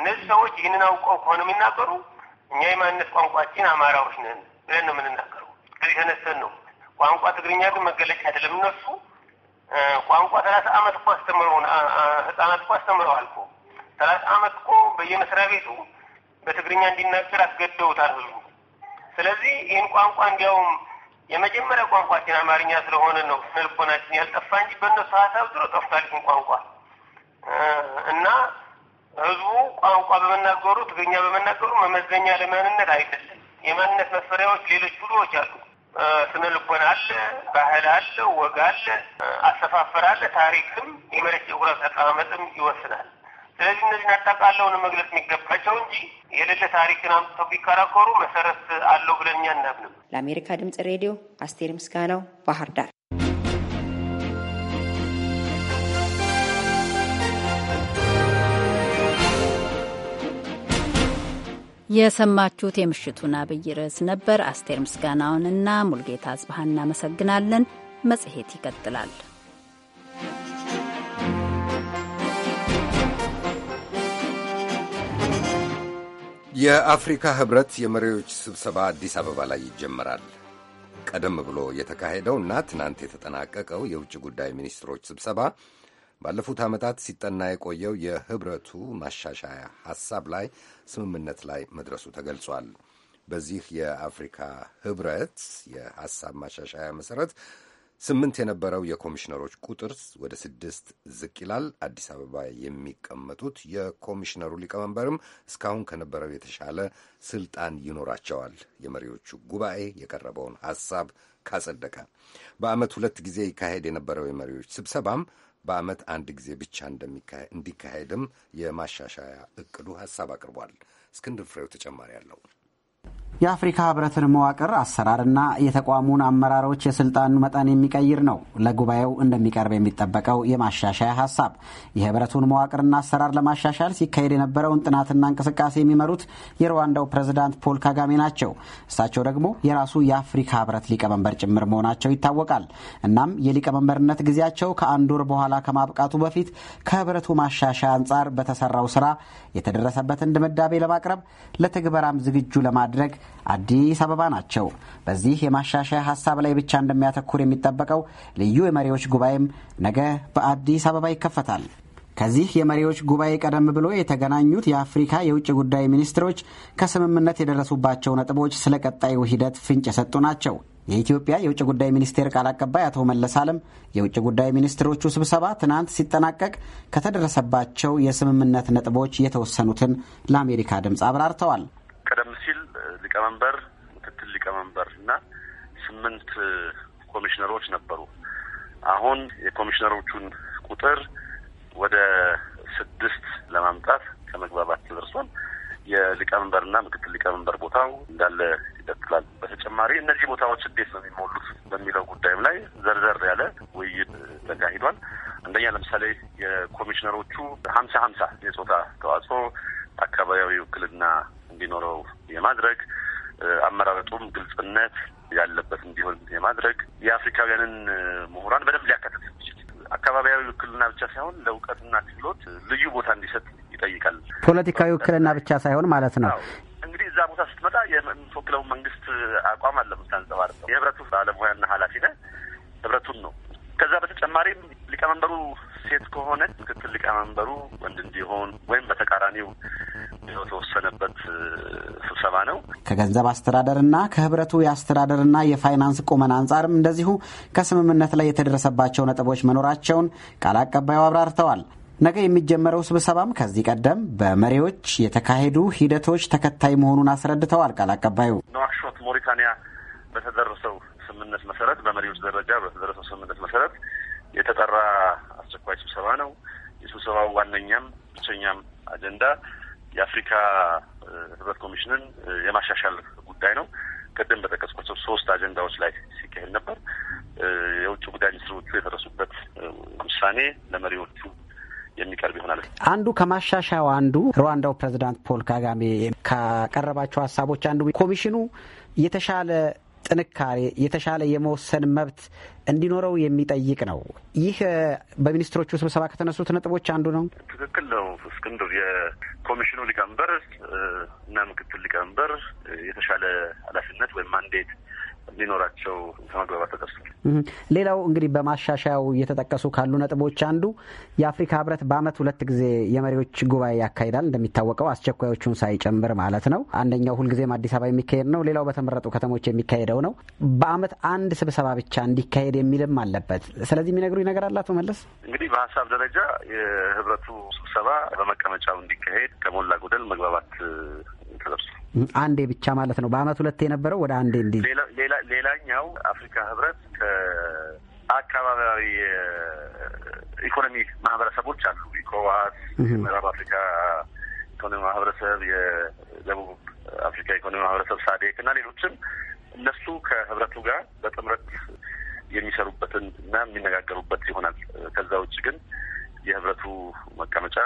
እነዚህ ሰዎች ይህንን አውቀው ከሆነ የሚናገሩ እኛ የማንነት ቋንቋችን አማራዎች ነን ብለን ነው የምንናገረው። ከዚህ ተነስተን ነው ቋንቋ ትግርኛ ግን መገለጫ አይደለም። እነሱ ቋንቋ ሰላሳ አመት እኮ አስተምረውን ህጻናት እኮ አስተምረዋል እኮ ሰላሳ አመት እኮ በየመስሪያ ቤቱ በትግርኛ እንዲናገር አስገደውታል ህዝቡ። ስለዚህ ይህን ቋንቋ እንዲያውም የመጀመሪያ ቋንቋችን አማርኛ ስለሆነ ነው ስነልቦናችን ያልጠፋ እንጂ በእነሱ ሀሳብ ድሮ ጠፍቷል። ግን ቋንቋ እና ህዝቡ ቋንቋ በመናገሩ ትግርኛ በመናገሩ መመዘኛ ለማንነት አይደለም። የማንነት መፈሪያዎች ሌሎች ብሎዎች አሉ። ስነ ልቦና አለ፣ ባህል አለ፣ ወግ አለ፣ አሰፋፈር አለ። ታሪክም የመሬት ጂኦግራፊ አቀማመጥም ይወስናል። ስለዚህ እነዚህን አጠቃለው መግለጽ የሚገባቸው እንጂ የሌለ ታሪክን አምጥተው ቢከራከሩ መሰረት አለው ብለን እኛ አናምንም። ለአሜሪካ ድምጽ ሬዲዮ አስቴር ምስጋናው ባህር ዳር። የሰማችሁት የምሽቱን አብይ ርዕስ ነበር። አስቴር ምስጋናውንና ሙልጌታ አጽባህ እናመሰግናለን። መጽሔት ይቀጥላል። የአፍሪካ ህብረት የመሪዎች ስብሰባ አዲስ አበባ ላይ ይጀመራል። ቀደም ብሎ የተካሄደው እና ትናንት የተጠናቀቀው የውጭ ጉዳይ ሚኒስትሮች ስብሰባ ባለፉት ዓመታት ሲጠና የቆየው የህብረቱ ማሻሻያ ሐሳብ ላይ ስምምነት ላይ መድረሱ ተገልጿል። በዚህ የአፍሪካ ህብረት የሐሳብ ማሻሻያ መሠረት ስምንት የነበረው የኮሚሽነሮች ቁጥር ወደ ስድስት ዝቅ ይላል። አዲስ አበባ የሚቀመጡት የኮሚሽነሩ ሊቀመንበርም እስካሁን ከነበረው የተሻለ ስልጣን ይኖራቸዋል። የመሪዎቹ ጉባኤ የቀረበውን ሐሳብ ካጸደቀ በዓመት ሁለት ጊዜ ይካሄድ የነበረው የመሪዎች ስብሰባም በዓመት አንድ ጊዜ ብቻ እንዲካሄድም የማሻሻያ እቅዱ ሐሳብ አቅርቧል። እስክንድር ፍሬው ተጨማሪ አለው። የአፍሪካ ህብረትን መዋቅር አሰራርና የተቋሙን አመራሮች የስልጣን መጠን የሚቀይር ነው። ለጉባኤው እንደሚቀርብ የሚጠበቀው የማሻሻያ ሀሳብ የህብረቱን መዋቅርና አሰራር ለማሻሻል ሲካሄድ የነበረውን ጥናትና እንቅስቃሴ የሚመሩት የሩዋንዳው ፕሬዝዳንት ፖል ካጋሜ ናቸው። እሳቸው ደግሞ የራሱ የአፍሪካ ህብረት ሊቀመንበር ጭምር መሆናቸው ይታወቃል። እናም የሊቀመንበርነት ጊዜያቸው ከአንድ ወር በኋላ ከማብቃቱ በፊት ከህብረቱ ማሻሻያ አንጻር በተሰራው ስራ የተደረሰበትን ድምዳቤ ለማቅረብ ለትግበራም ዝግጁ ለማድረግ አዲስ አበባ ናቸው። በዚህ የማሻሻያ ሀሳብ ላይ ብቻ እንደሚያተኩር የሚጠበቀው ልዩ የመሪዎች ጉባኤም ነገ በአዲስ አበባ ይከፈታል። ከዚህ የመሪዎች ጉባኤ ቀደም ብሎ የተገናኙት የአፍሪካ የውጭ ጉዳይ ሚኒስትሮች ከስምምነት የደረሱባቸው ነጥቦች ስለ ቀጣዩ ሂደት ፍንጭ የሰጡ ናቸው። የኢትዮጵያ የውጭ ጉዳይ ሚኒስቴር ቃል አቀባይ አቶ መለስ አለም የውጭ ጉዳይ ሚኒስትሮቹ ስብሰባ ትናንት ሲጠናቀቅ ከተደረሰባቸው የስምምነት ነጥቦች የተወሰኑትን ለአሜሪካ ድምፅ አብራርተዋል። ቀደም ሲል ሊቀመንበር፣ ምክትል ሊቀመንበር እና ስምንት ኮሚሽነሮች ነበሩ። አሁን የኮሚሽነሮቹን ቁጥር ወደ ስድስት ለማምጣት ከመግባባት ተደርሷል። የሊቀመንበርና ምክትል ሊቀመንበር ቦታው እንዳለ ይቀጥላል። በተጨማሪ እነዚህ ቦታዎች እንዴት ነው የሚሞሉት በሚለው ጉዳይም ላይ ዘርዘር ያለ ውይይት ተካሂዷል። አንደኛ ለምሳሌ የኮሚሽነሮቹ ሀምሳ ሀምሳ የጾታ ተዋጽኦ፣ አካባቢያዊ ውክልና እንዲኖረው የማድረግ አመራረጡም ግልጽነት ያለበት እንዲሆን የማድረግ የአፍሪካውያንን ምሁራን በደንብ ሊያካትት የሚችል አካባቢያዊ ውክልና ብቻ ሳይሆን ለእውቀትና ክህሎት ልዩ ቦታ እንዲሰጥ ይጠይቃል። ፖለቲካዊ ውክልና ብቻ ሳይሆን ማለት ነው። እንግዲህ እዛ ቦታ ስትመጣ የምትወክለውን መንግስት አቋም አለ የህብረቱ ባለሙያና ኃላፊነት ህብረቱን ነው። ከዛ በተጨማሪም ሊቀመንበሩ ሴት ከሆነ ምክትል ሊቀመንበሩ ወንድ እንዲሆን ወይም በተቃራኒው የተወሰነበት ስብሰባ ነው። ከገንዘብ አስተዳደርና ከህብረቱ የአስተዳደርና የፋይናንስ ቁመን አንጻርም እንደዚሁ ከስምምነት ላይ የተደረሰባቸው ነጥቦች መኖራቸውን ቃል አቀባዩ አብራርተዋል። ነገ የሚጀመረው ስብሰባም ከዚህ ቀደም በመሪዎች የተካሄዱ ሂደቶች ተከታይ መሆኑን አስረድተዋል። ቃል አቀባዩ ነዋክሾት ሞሪታንያ በተደረሰው ስምምነት መሰረት በመሪዎች ደረጃ በተደረሰው ስምምነት መሰረት የተጠራ አስቸኳይ ስብሰባ ነው። የስብሰባው ዋነኛም ብቸኛም አጀንዳ የአፍሪካ ህብረት ኮሚሽንን የማሻሻል ጉዳይ ነው። ቅድም በጠቀስኳቸው ሶስት አጀንዳዎች ላይ ሲካሄድ ነበር። የውጭ ጉዳይ ሚኒስትሮቹ የደረሱበት ውሳኔ ለመሪዎቹ የሚቀርብ ይሆናል። አንዱ ከማሻሻያው አንዱ ሩዋንዳው ፕሬዚዳንት ፖል ካጋሜ ካቀረባቸው ሀሳቦች አንዱ ኮሚሽኑ የተሻለ ጥንካሬ፣ የተሻለ የመወሰን መብት እንዲኖረው የሚጠይቅ ነው። ይህ በሚኒስትሮቹ ስብሰባ ከተነሱት ነጥቦች አንዱ ነው። ትክክል ነው እስክንድር። የኮሚሽኑ ሊቀመንበር እና ምክትል ሊቀመንበር የተሻለ ኃላፊነት ወይም ማንዴት ሊኖራቸው ከመግባባት ተጠርሷል። ሌላው እንግዲህ በማሻሻያው እየተጠቀሱ ካሉ ነጥቦች አንዱ የአፍሪካ ህብረት በአመት ሁለት ጊዜ የመሪዎች ጉባኤ ያካሂዳል። እንደሚታወቀው አስቸኳዮቹን ሳይጨምር ማለት ነው። አንደኛው ሁልጊዜም አዲስ አበባ የሚካሄድ ነው። ሌላው በተመረጡ ከተሞች የሚካሄደው ነው። በአመት አንድ ስብሰባ ብቻ እንዲካሄድ የሚልም አለበት። ስለዚህ የሚነግሩ ነገር አላት መለስ እንግዲህ በሀሳብ ደረጃ የህብረቱ ስብሰባ በመቀመጫው እንዲካሄድ ከሞላ ጎደል መግባባት የምታደርሱ አንዴ ብቻ ማለት ነው። በአመት ሁለት የነበረው ወደ አንዴ እንዲ ሌላኛው አፍሪካ ህብረት አካባቢያዊ ኢኮኖሚ ማህበረሰቦች አሉ። ኢኮዋስ፣ ምዕራብ አፍሪካ ኢኮኖሚ ማህበረሰብ፣ የደቡብ አፍሪካ ኢኮኖሚ ማህበረሰብ ሳዴክ እና ሌሎችም እነሱ ከህብረቱ ጋር በጥምረት የሚሰሩበትን እና የሚነጋገሩበት ይሆናል። ከዛ ውጭ ግን የህብረቱ መቀመጫ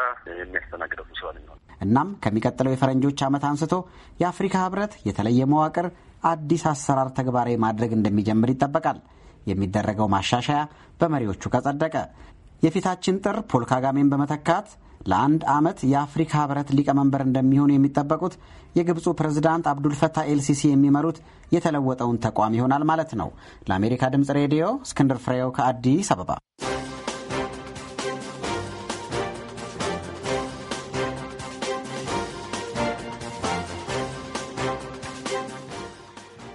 የሚያስተናግደው ስብሰባ ነው። እናም ከሚቀጥለው የፈረንጆች ዓመት አንስቶ የአፍሪካ ህብረት የተለየ መዋቅር፣ አዲስ አሰራር ተግባራዊ ማድረግ እንደሚጀምር ይጠበቃል። የሚደረገው ማሻሻያ በመሪዎቹ ከጸደቀ የፊታችን ጥር ፖል ካጋሜን በመተካት ለአንድ ዓመት የአፍሪካ ህብረት ሊቀመንበር እንደሚሆኑ የሚጠበቁት የግብፁ ፕሬዝዳንት አብዱልፈታህ ኤልሲሲ የሚመሩት የተለወጠውን ተቋም ይሆናል ማለት ነው። ለአሜሪካ ድምፅ ሬዲዮ እስክንድር ፍሬው ከአዲስ አበባ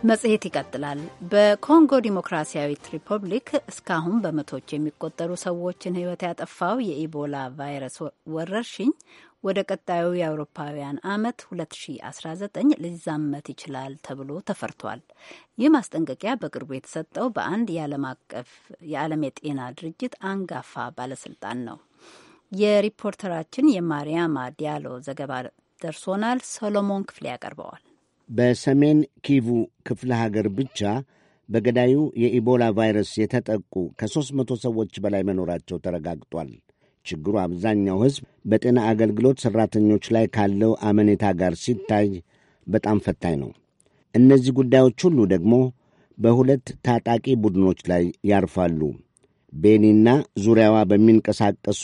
መጽሔት ይቀጥላል። በኮንጎ ዲሞክራሲያዊት ሪፐብሊክ እስካሁን በመቶዎች የሚቆጠሩ ሰዎችን ሕይወት ያጠፋው የኢቦላ ቫይረስ ወረርሽኝ ወደ ቀጣዩ የአውሮፓውያን ዓመት 2019 ሊዛመት ይችላል ተብሎ ተፈርቷል። ይህ ማስጠንቀቂያ በቅርቡ የተሰጠው በአንድ የዓለም አቀፍ የዓለም የጤና ድርጅት አንጋፋ ባለስልጣን ነው። የሪፖርተራችን የማርያማ ዲያሎ ዘገባ ደርሶናል። ሰሎሞን ክፍሌ ያቀርበዋል። በሰሜን ኪቩ ክፍለ ሀገር ብቻ በገዳዩ የኢቦላ ቫይረስ የተጠቁ ከሦስት መቶ ሰዎች በላይ መኖራቸው ተረጋግጧል። ችግሩ አብዛኛው ሕዝብ በጤና አገልግሎት ሠራተኞች ላይ ካለው አመኔታ ጋር ሲታይ በጣም ፈታኝ ነው። እነዚህ ጉዳዮች ሁሉ ደግሞ በሁለት ታጣቂ ቡድኖች ላይ ያርፋሉ። ቤኒና ዙሪያዋ በሚንቀሳቀሱ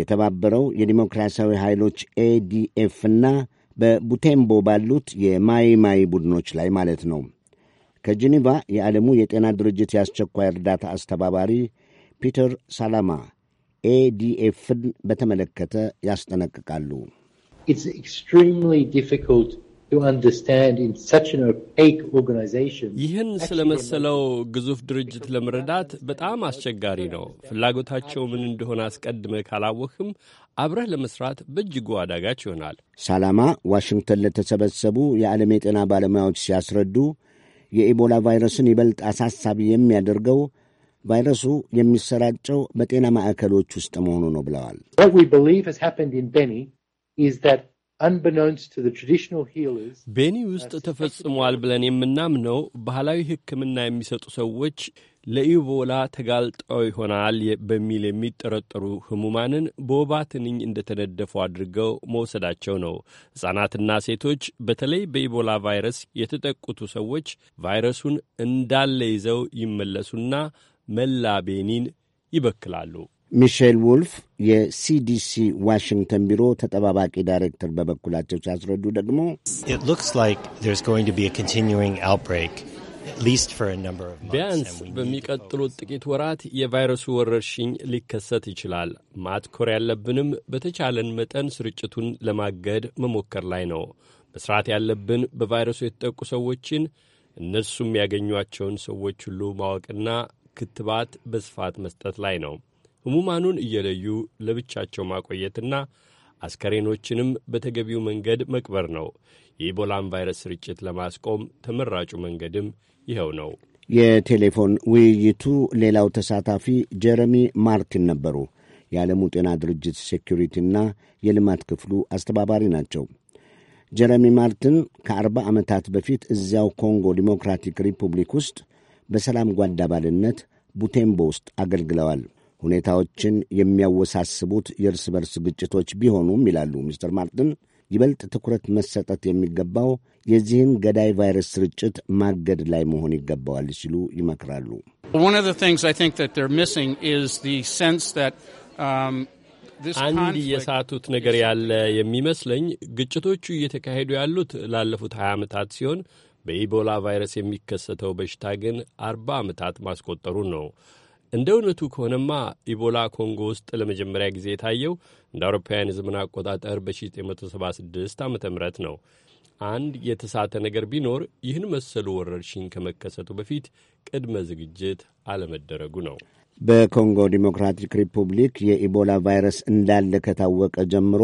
የተባበረው የዲሞክራሲያዊ ኃይሎች ኤዲኤፍና በቡቴምቦ ባሉት የማይ ማይ ቡድኖች ላይ ማለት ነው። ከጄኔቫ የዓለሙ የጤና ድርጅት የአስቸኳይ እርዳታ አስተባባሪ ፒተር ሳላማ ኤዲኤፍን በተመለከተ ያስጠነቅቃሉ። ይህን ስለመሰለው ግዙፍ ድርጅት ለመረዳት በጣም አስቸጋሪ ነው። ፍላጎታቸው ምን እንደሆነ አስቀድመ ካላወክም? አብረህ ለመስራት በእጅጉ አዳጋች ይሆናል። ሳላማ ዋሽንግተን ለተሰበሰቡ የዓለም የጤና ባለሙያዎች ሲያስረዱ የኢቦላ ቫይረስን ይበልጥ አሳሳቢ የሚያደርገው ቫይረሱ የሚሰራጨው በጤና ማዕከሎች ውስጥ መሆኑ ነው ብለዋል። ቤኒ ውስጥ ተፈጽሟል ብለን የምናምነው ባህላዊ ሕክምና የሚሰጡ ሰዎች ለኢቦላ ተጋልጠው ይሆናል በሚል የሚጠረጠሩ ህሙማንን በወባ ትንኝ እንደተነደፉ አድርገው መውሰዳቸው ነው። ሕፃናትና ሴቶች በተለይ በኢቦላ ቫይረስ የተጠቁቱ ሰዎች ቫይረሱን እንዳለ ይዘው ይመለሱና መላ ቤኒን ይበክላሉ። ሚሼል ውልፍ የሲዲሲ ዋሽንግተን ቢሮ ተጠባባቂ ዳይሬክተር በበኩላቸው ሲያስረዱ ደግሞ ቢያንስ በሚቀጥሉት ጥቂት ወራት የቫይረሱ ወረርሽኝ ሊከሰት ይችላል። ማትኮር ያለብንም በተቻለን መጠን ስርጭቱን ለማገድ መሞከር ላይ ነው። መስራት ያለብን በቫይረሱ የተጠቁ ሰዎችን እነሱም ያገኟቸውን ሰዎች ሁሉ ማወቅና ክትባት በስፋት መስጠት ላይ ነው። ሕሙማኑን እየለዩ ለብቻቸው ማቆየትና አስከሬኖችንም በተገቢው መንገድ መቅበር ነው። የኢቦላን ቫይረስ ስርጭት ለማስቆም ተመራጩ መንገድም ይኸው ነው። የቴሌፎን ውይይቱ ሌላው ተሳታፊ ጀረሚ ማርቲን ነበሩ። የዓለሙ ጤና ድርጅት ሴኪሪቲና የልማት ክፍሉ አስተባባሪ ናቸው። ጀረሚ ማርቲን ከአርባ ዓመታት በፊት እዚያው ኮንጎ ዲሞክራቲክ ሪፑብሊክ ውስጥ በሰላም ጓድ አባልነት ቡቴምቦ ውስጥ አገልግለዋል። ሁኔታዎችን የሚያወሳስቡት የእርስ በርስ ግጭቶች ቢሆኑም ይላሉ ሚስተር ማርትን፣ ይበልጥ ትኩረት መሰጠት የሚገባው የዚህን ገዳይ ቫይረስ ስርጭት ማገድ ላይ መሆን ይገባዋል ሲሉ ይመክራሉ። um, አንድ የሳቱት ነገር ያለ የሚመስለኝ ግጭቶቹ እየተካሄዱ ያሉት ላለፉት 20 ዓመታት ሲሆን በኢቦላ ቫይረስ የሚከሰተው በሽታ ግን 40 ዓመታት ማስቆጠሩን ነው። እንደ እውነቱ ከሆነማ ኢቦላ ኮንጎ ውስጥ ለመጀመሪያ ጊዜ የታየው እንደ አውሮፓውያን የዘመን አቆጣጠር በ1976 ዓ ም ነው። አንድ የተሳተ ነገር ቢኖር ይህን መሰሉ ወረርሽኝ ከመከሰቱ በፊት ቅድመ ዝግጅት አለመደረጉ ነው። በኮንጎ ዲሞክራቲክ ሪፑብሊክ የኢቦላ ቫይረስ እንዳለ ከታወቀ ጀምሮ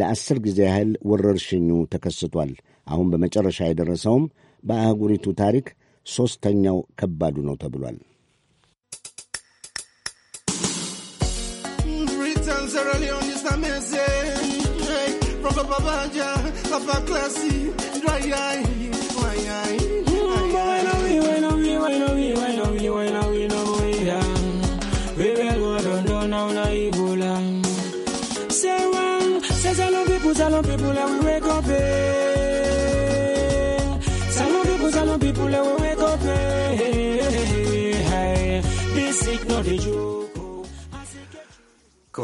ለአስር ጊዜ ያህል ወረርሽኙ ተከስቷል። አሁን በመጨረሻ የደረሰውም በአህጉሪቱ ታሪክ ሦስተኛው ከባዱ ነው ተብሏል። Sudan, Sierra Leone is amazing. Hey, proper babaja, papa classy, dry eye, eye.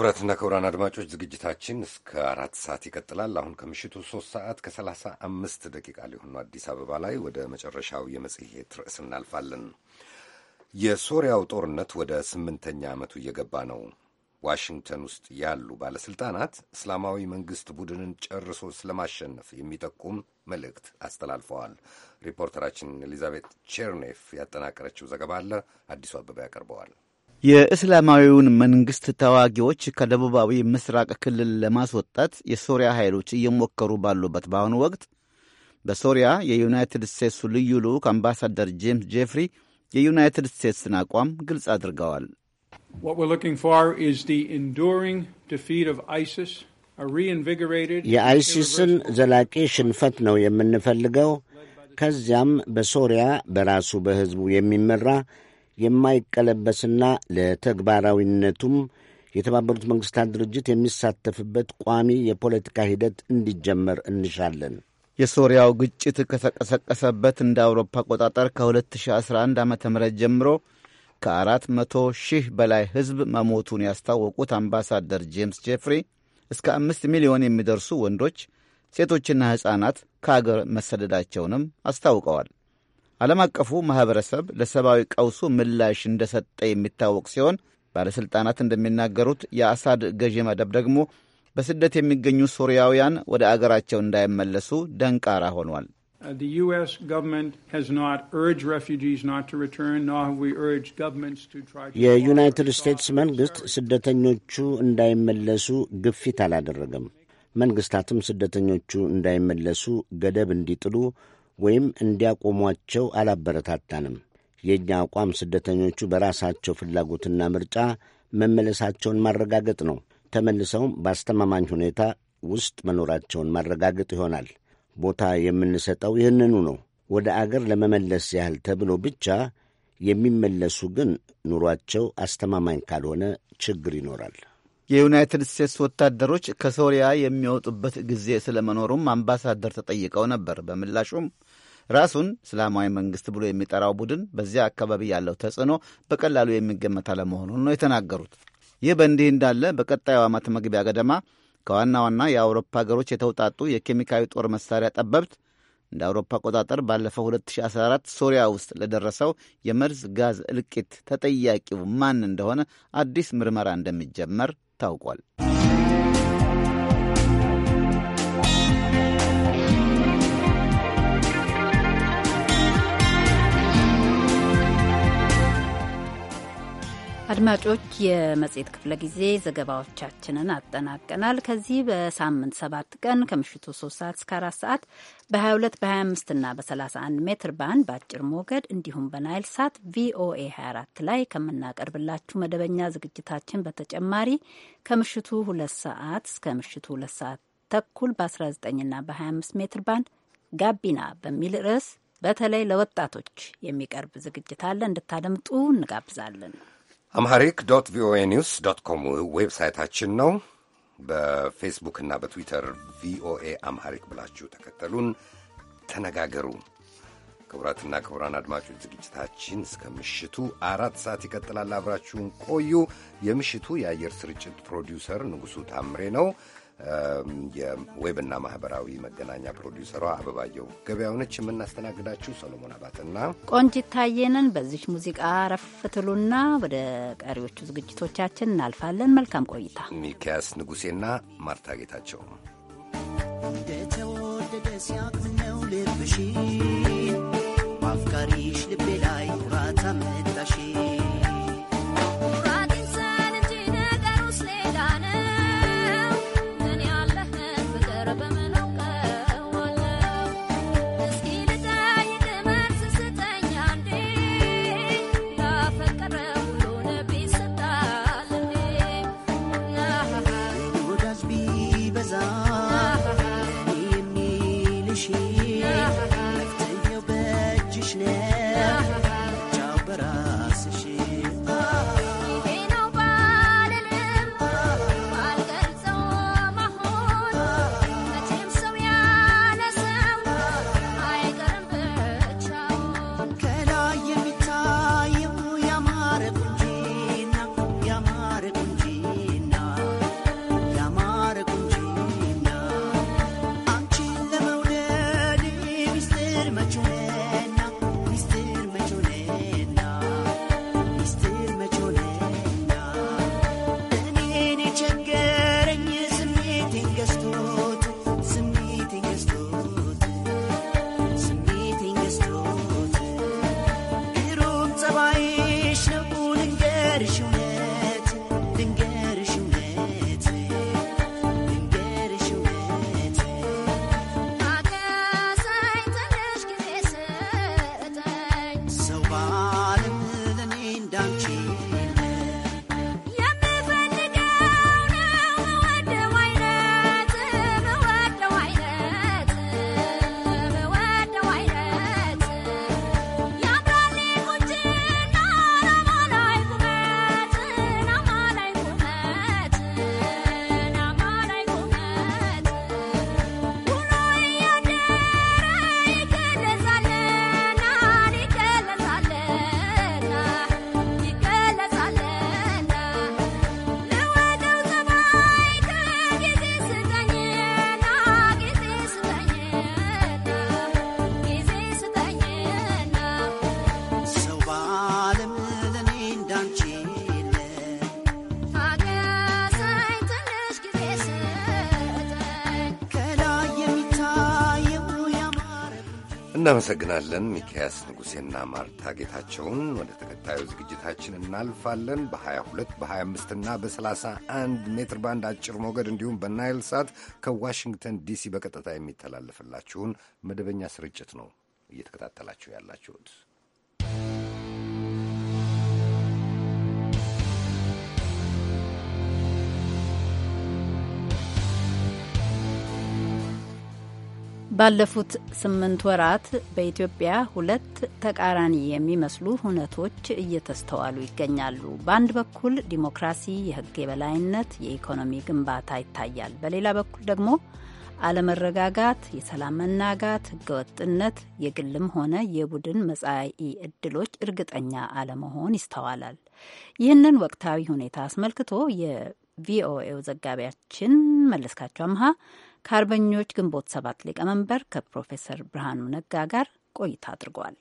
ክቡራትና ክቡራን አድማጮች ዝግጅታችን እስከ አራት ሰዓት ይቀጥላል። አሁን ከምሽቱ ሶስት ሰዓት ከሰላሳ አምስት ደቂቃ ሊሆኑ አዲስ አበባ ላይ ወደ መጨረሻው የመጽሔት ርዕስ እናልፋለን። የሶሪያው ጦርነት ወደ ስምንተኛ ዓመቱ እየገባ ነው። ዋሽንግተን ውስጥ ያሉ ባለሥልጣናት እስላማዊ መንግሥት ቡድንን ጨርሶ ስለማሸነፍ የሚጠቁም መልእክት አስተላልፈዋል። ሪፖርተራችን ኤሊዛቤት ቼርኔፍ ያጠናቀረችው ዘገባ አለ፣ አዲሱ አበባ ያቀርበዋል። የእስላማዊውን መንግሥት ተዋጊዎች ከደቡባዊ ምስራቅ ክልል ለማስወጣት የሶሪያ ኃይሎች እየሞከሩ ባሉበት በአሁኑ ወቅት በሶሪያ የዩናይትድ ስቴትሱ ልዩ ልዑክ አምባሳደር ጄምስ ጄፍሪ የዩናይትድ ስቴትስን አቋም ግልጽ አድርገዋል። የአይሲስን ዘላቂ ሽንፈት ነው የምንፈልገው። ከዚያም በሶሪያ በራሱ በሕዝቡ የሚመራ የማይቀለበስና ለተግባራዊነቱም የተባበሩት መንግሥታት ድርጅት የሚሳተፍበት ቋሚ የፖለቲካ ሂደት እንዲጀመር እንሻለን። የሶሪያው ግጭት ከተቀሰቀሰበት እንደ አውሮፓ አቆጣጠር ከ2011 ዓ ም ጀምሮ ከ መቶ ሺህ በላይ ሕዝብ መሞቱን ያስታወቁት አምባሳደር ጄምስ ጄፍሪ እስከ አምስት ሚሊዮን የሚደርሱ ወንዶች ሴቶችና ሕፃናት ከአገር መሰደዳቸውንም አስታውቀዋል። ዓለም አቀፉ ማኅበረሰብ ለሰብአዊ ቀውሱ ምላሽ እንደሰጠ የሚታወቅ ሲሆን ባለሥልጣናት እንደሚናገሩት የአሳድ ገዢ መደብ ደግሞ በስደት የሚገኙ ሱሪያውያን ወደ አገራቸው እንዳይመለሱ ደንቃራ ሆኗል። የዩናይትድ ስቴትስ መንግሥት ስደተኞቹ እንዳይመለሱ ግፊት አላደረገም። መንግሥታትም ስደተኞቹ እንዳይመለሱ ገደብ እንዲጥሉ ወይም እንዲያቆሟቸው አላበረታታንም። የእኛ አቋም ስደተኞቹ በራሳቸው ፍላጎትና ምርጫ መመለሳቸውን ማረጋገጥ ነው። ተመልሰውም በአስተማማኝ ሁኔታ ውስጥ መኖራቸውን ማረጋገጥ ይሆናል። ቦታ የምንሰጠው ይህንኑ ነው። ወደ አገር ለመመለስ ያህል ተብሎ ብቻ የሚመለሱ ግን ኑሯቸው አስተማማኝ ካልሆነ ችግር ይኖራል። የዩናይትድ ስቴትስ ወታደሮች ከሶሪያ የሚወጡበት ጊዜ ስለመኖሩም አምባሳደር ተጠይቀው ነበር። በምላሹም ራሱን እስላማዊ መንግስት ብሎ የሚጠራው ቡድን በዚያ አካባቢ ያለው ተጽዕኖ በቀላሉ የሚገመት አለመሆኑን ነው የተናገሩት። ይህ በእንዲህ እንዳለ በቀጣዩ ዓመት መግቢያ ገደማ ከዋና ዋና የአውሮፓ ሀገሮች የተውጣጡ የኬሚካዊ ጦር መሳሪያ ጠበብት እንደ አውሮፓ አቆጣጠር ባለፈው 2014 ሶሪያ ውስጥ ለደረሰው የመርዝ ጋዝ እልቂት ተጠያቂው ማን እንደሆነ አዲስ ምርመራ እንደሚጀመር ታውቋል። አድማጮች የመጽሔት ክፍለ ጊዜ ዘገባዎቻችንን አጠናቀናል። ከዚህ በሳምንት ሰባት ቀን ከምሽቱ 3 ሰዓት እስከ 4 ሰዓት በ22 በ25 እና በ31 ሜትር ባንድ በአጭር ሞገድ እንዲሁም በናይል ሳት ቪኦኤ 24 ላይ ከምናቀርብላችሁ መደበኛ ዝግጅታችን በተጨማሪ ከምሽቱ 2 ሰዓት እስከ ምሽቱ 2 ሰዓት ተኩል በ19 እና በ25 ሜትር ባንድ ጋቢና በሚል ርዕስ በተለይ ለወጣቶች የሚቀርብ ዝግጅት አለ። እንድታደምጡ እንጋብዛለን። አምሐሪክ ዶት ቪኦኤ ኒውስ ዶት ኮም ዌብሳይታችን ነው። በፌስቡክ እና በትዊተር ቪኦኤ አምሐሪክ ብላችሁ ተከተሉን፣ ተነጋገሩ። ክቡራትና ክቡራን አድማጮች ዝግጅታችን እስከ ምሽቱ አራት ሰዓት ይቀጥላል። አብራችሁን ቆዩ። የምሽቱ የአየር ስርጭት ፕሮዲውሰር ንጉሡ ታምሬ ነው። የዌብና ማህበራዊ መገናኛ ፕሮዲውሰሯ አበባየው ገበያው ነች። የምናስተናግዳችሁ ሰሎሞን አባትና ቆንጂት ታየንን። በዚች ሙዚቃ ረፍትሉና ወደ ቀሪዎቹ ዝግጅቶቻችን እናልፋለን። መልካም ቆይታ። ሚኪያስ ንጉሴና ማርታ ጌታቸው እንደተወደደ ልብሽ ማፍቃሪሽ ልቤላ እናመሰግናለን ሚካያስ ንጉሴና ማርታ ጌታቸውን። ወደ ተከታዩ ዝግጅታችን እናልፋለን። በ22 በ25 እና በ31 ሜትር ባንድ አጭር ሞገድ እንዲሁም በናይል ሳት ከዋሽንግተን ዲሲ በቀጥታ የሚተላለፍላችሁን መደበኛ ስርጭት ነው እየተከታተላችሁ ያላችሁት። ባለፉት ስምንት ወራት በኢትዮጵያ ሁለት ተቃራኒ የሚመስሉ ሁነቶች እየተስተዋሉ ይገኛሉ። በአንድ በኩል ዲሞክራሲ፣ የህግ የበላይነት፣ የኢኮኖሚ ግንባታ ይታያል። በሌላ በኩል ደግሞ አለመረጋጋት፣ የሰላም መናጋት፣ ህገወጥነት፣ የግልም ሆነ የቡድን መጻኢ እድሎች እርግጠኛ አለመሆን ይስተዋላል። ይህንን ወቅታዊ ሁኔታ አስመልክቶ የቪኦኤው ዘጋቢያችን መለስካቸው አምሃ ከአርበኞች ግንቦት ሰባት ሊቀመንበር ከፕሮፌሰር ብርሃኑ ነጋ ጋር ቆይታ አድርጓል።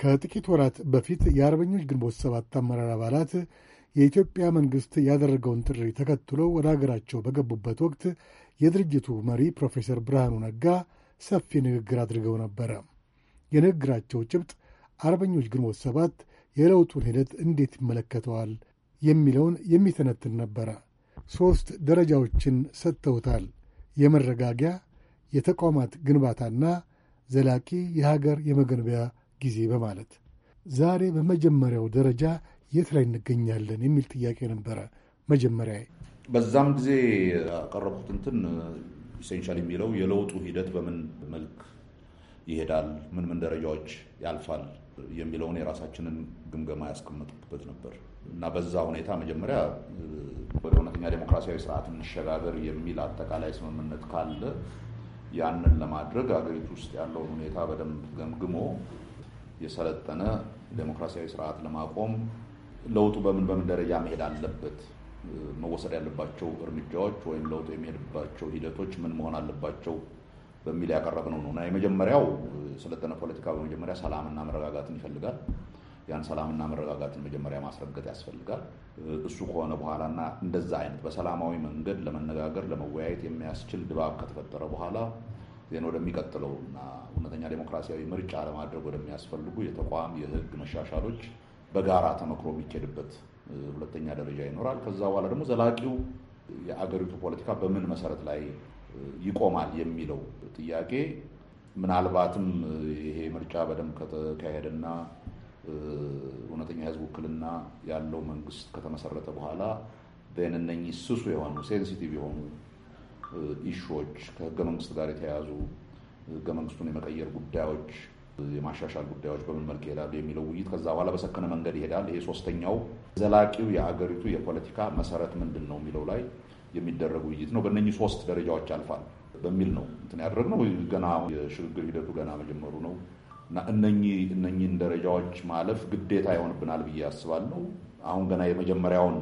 ከጥቂት ወራት በፊት የአርበኞች ግንቦት ሰባት አመራር አባላት የኢትዮጵያ መንግሥት ያደረገውን ጥሪ ተከትሎ ወደ አገራቸው በገቡበት ወቅት የድርጅቱ መሪ ፕሮፌሰር ብርሃኑ ነጋ ሰፊ ንግግር አድርገው ነበረ። የንግግራቸው ጭብጥ አርበኞች ግንቦት ሰባት የለውጡን ሂደት እንዴት ይመለከተዋል የሚለውን የሚተነትን ነበረ። ሦስት ደረጃዎችን ሰጥተውታል። የመረጋጊያ የተቋማት ግንባታና ዘላቂ የሀገር የመገንቢያ ጊዜ በማለት ዛሬ በመጀመሪያው ደረጃ የት ላይ እንገኛለን የሚል ጥያቄ ነበረ። መጀመሪያ በዛም ጊዜ ያቀረብኩት እንትን ኢሴንሻል የሚለው የለውጡ ሂደት በምን መልክ ይሄዳል፣ ምን ምን ደረጃዎች ያልፋል የሚለውን የራሳችንን ግምገማ ያስቀመጥኩበት ነበር። እና በዛ ሁኔታ መጀመሪያ ወደ እውነተኛ ዴሞክራሲያዊ ስርዓት እንሸጋገር የሚል አጠቃላይ ስምምነት ካለ ያንን ለማድረግ አገሪቱ ውስጥ ያለውን ሁኔታ በደንብ ገምግሞ የሰለጠነ ዴሞክራሲያዊ ስርዓት ለማቆም ለውጡ በምን በምን ደረጃ መሄድ አለበት፣ መወሰድ ያለባቸው እርምጃዎች ወይም ለውጡ የሚሄድባቸው ሂደቶች ምን መሆን አለባቸው በሚል ያቀረብነው ነው እና የመጀመሪያው የሰለጠነ ፖለቲካ በመጀመሪያ ሰላምና መረጋጋትን ይፈልጋል። ያን ሰላምና መረጋጋትን መጀመሪያ ማስረገጥ ያስፈልጋል። እሱ ከሆነ በኋላና እንደዛ አይነት በሰላማዊ መንገድ ለመነጋገር ለመወያየት የሚያስችል ድባብ ከተፈጠረ በኋላ ዜን ወደሚቀጥለው እና እውነተኛ ዴሞክራሲያዊ ምርጫ ለማድረግ ወደሚያስፈልጉ የተቋም የህግ መሻሻሎች በጋራ ተመክሮ የሚኬድበት ሁለተኛ ደረጃ ይኖራል። ከዛ በኋላ ደግሞ ዘላቂው የአገሪቱ ፖለቲካ በምን መሰረት ላይ ይቆማል የሚለው ጥያቄ ምናልባትም ይሄ ምርጫ በደንብ ከተካሄደና እውነተኛ የህዝብ ውክልና ያለው መንግስት ከተመሰረተ በኋላ እነኚህ ስሱ የሆኑ ሴንሲቲቭ የሆኑ ኢሹዎች ከህገ መንግስት ጋር የተያያዙ ህገ መንግስቱን የመቀየር ጉዳዮች፣ የማሻሻል ጉዳዮች በምን መልክ ይሄዳሉ የሚለው ውይይት ከዛ በኋላ በሰከነ መንገድ ይሄዳል። ይሄ ሶስተኛው ዘላቂው የሀገሪቱ የፖለቲካ መሰረት ምንድን ነው የሚለው ላይ የሚደረግ ውይይት ነው። በእነኚህ ሶስት ደረጃዎች አልፋል በሚል ነው እንትን ያደረግነው። ገና የሽግግር ሂደቱ ገና መጀመሩ ነው። እና እነኚህ እነኚህን ደረጃዎች ማለፍ ግዴታ ይሆንብናል ብዬ አስባለሁ። አሁን ገና የመጀመሪያውን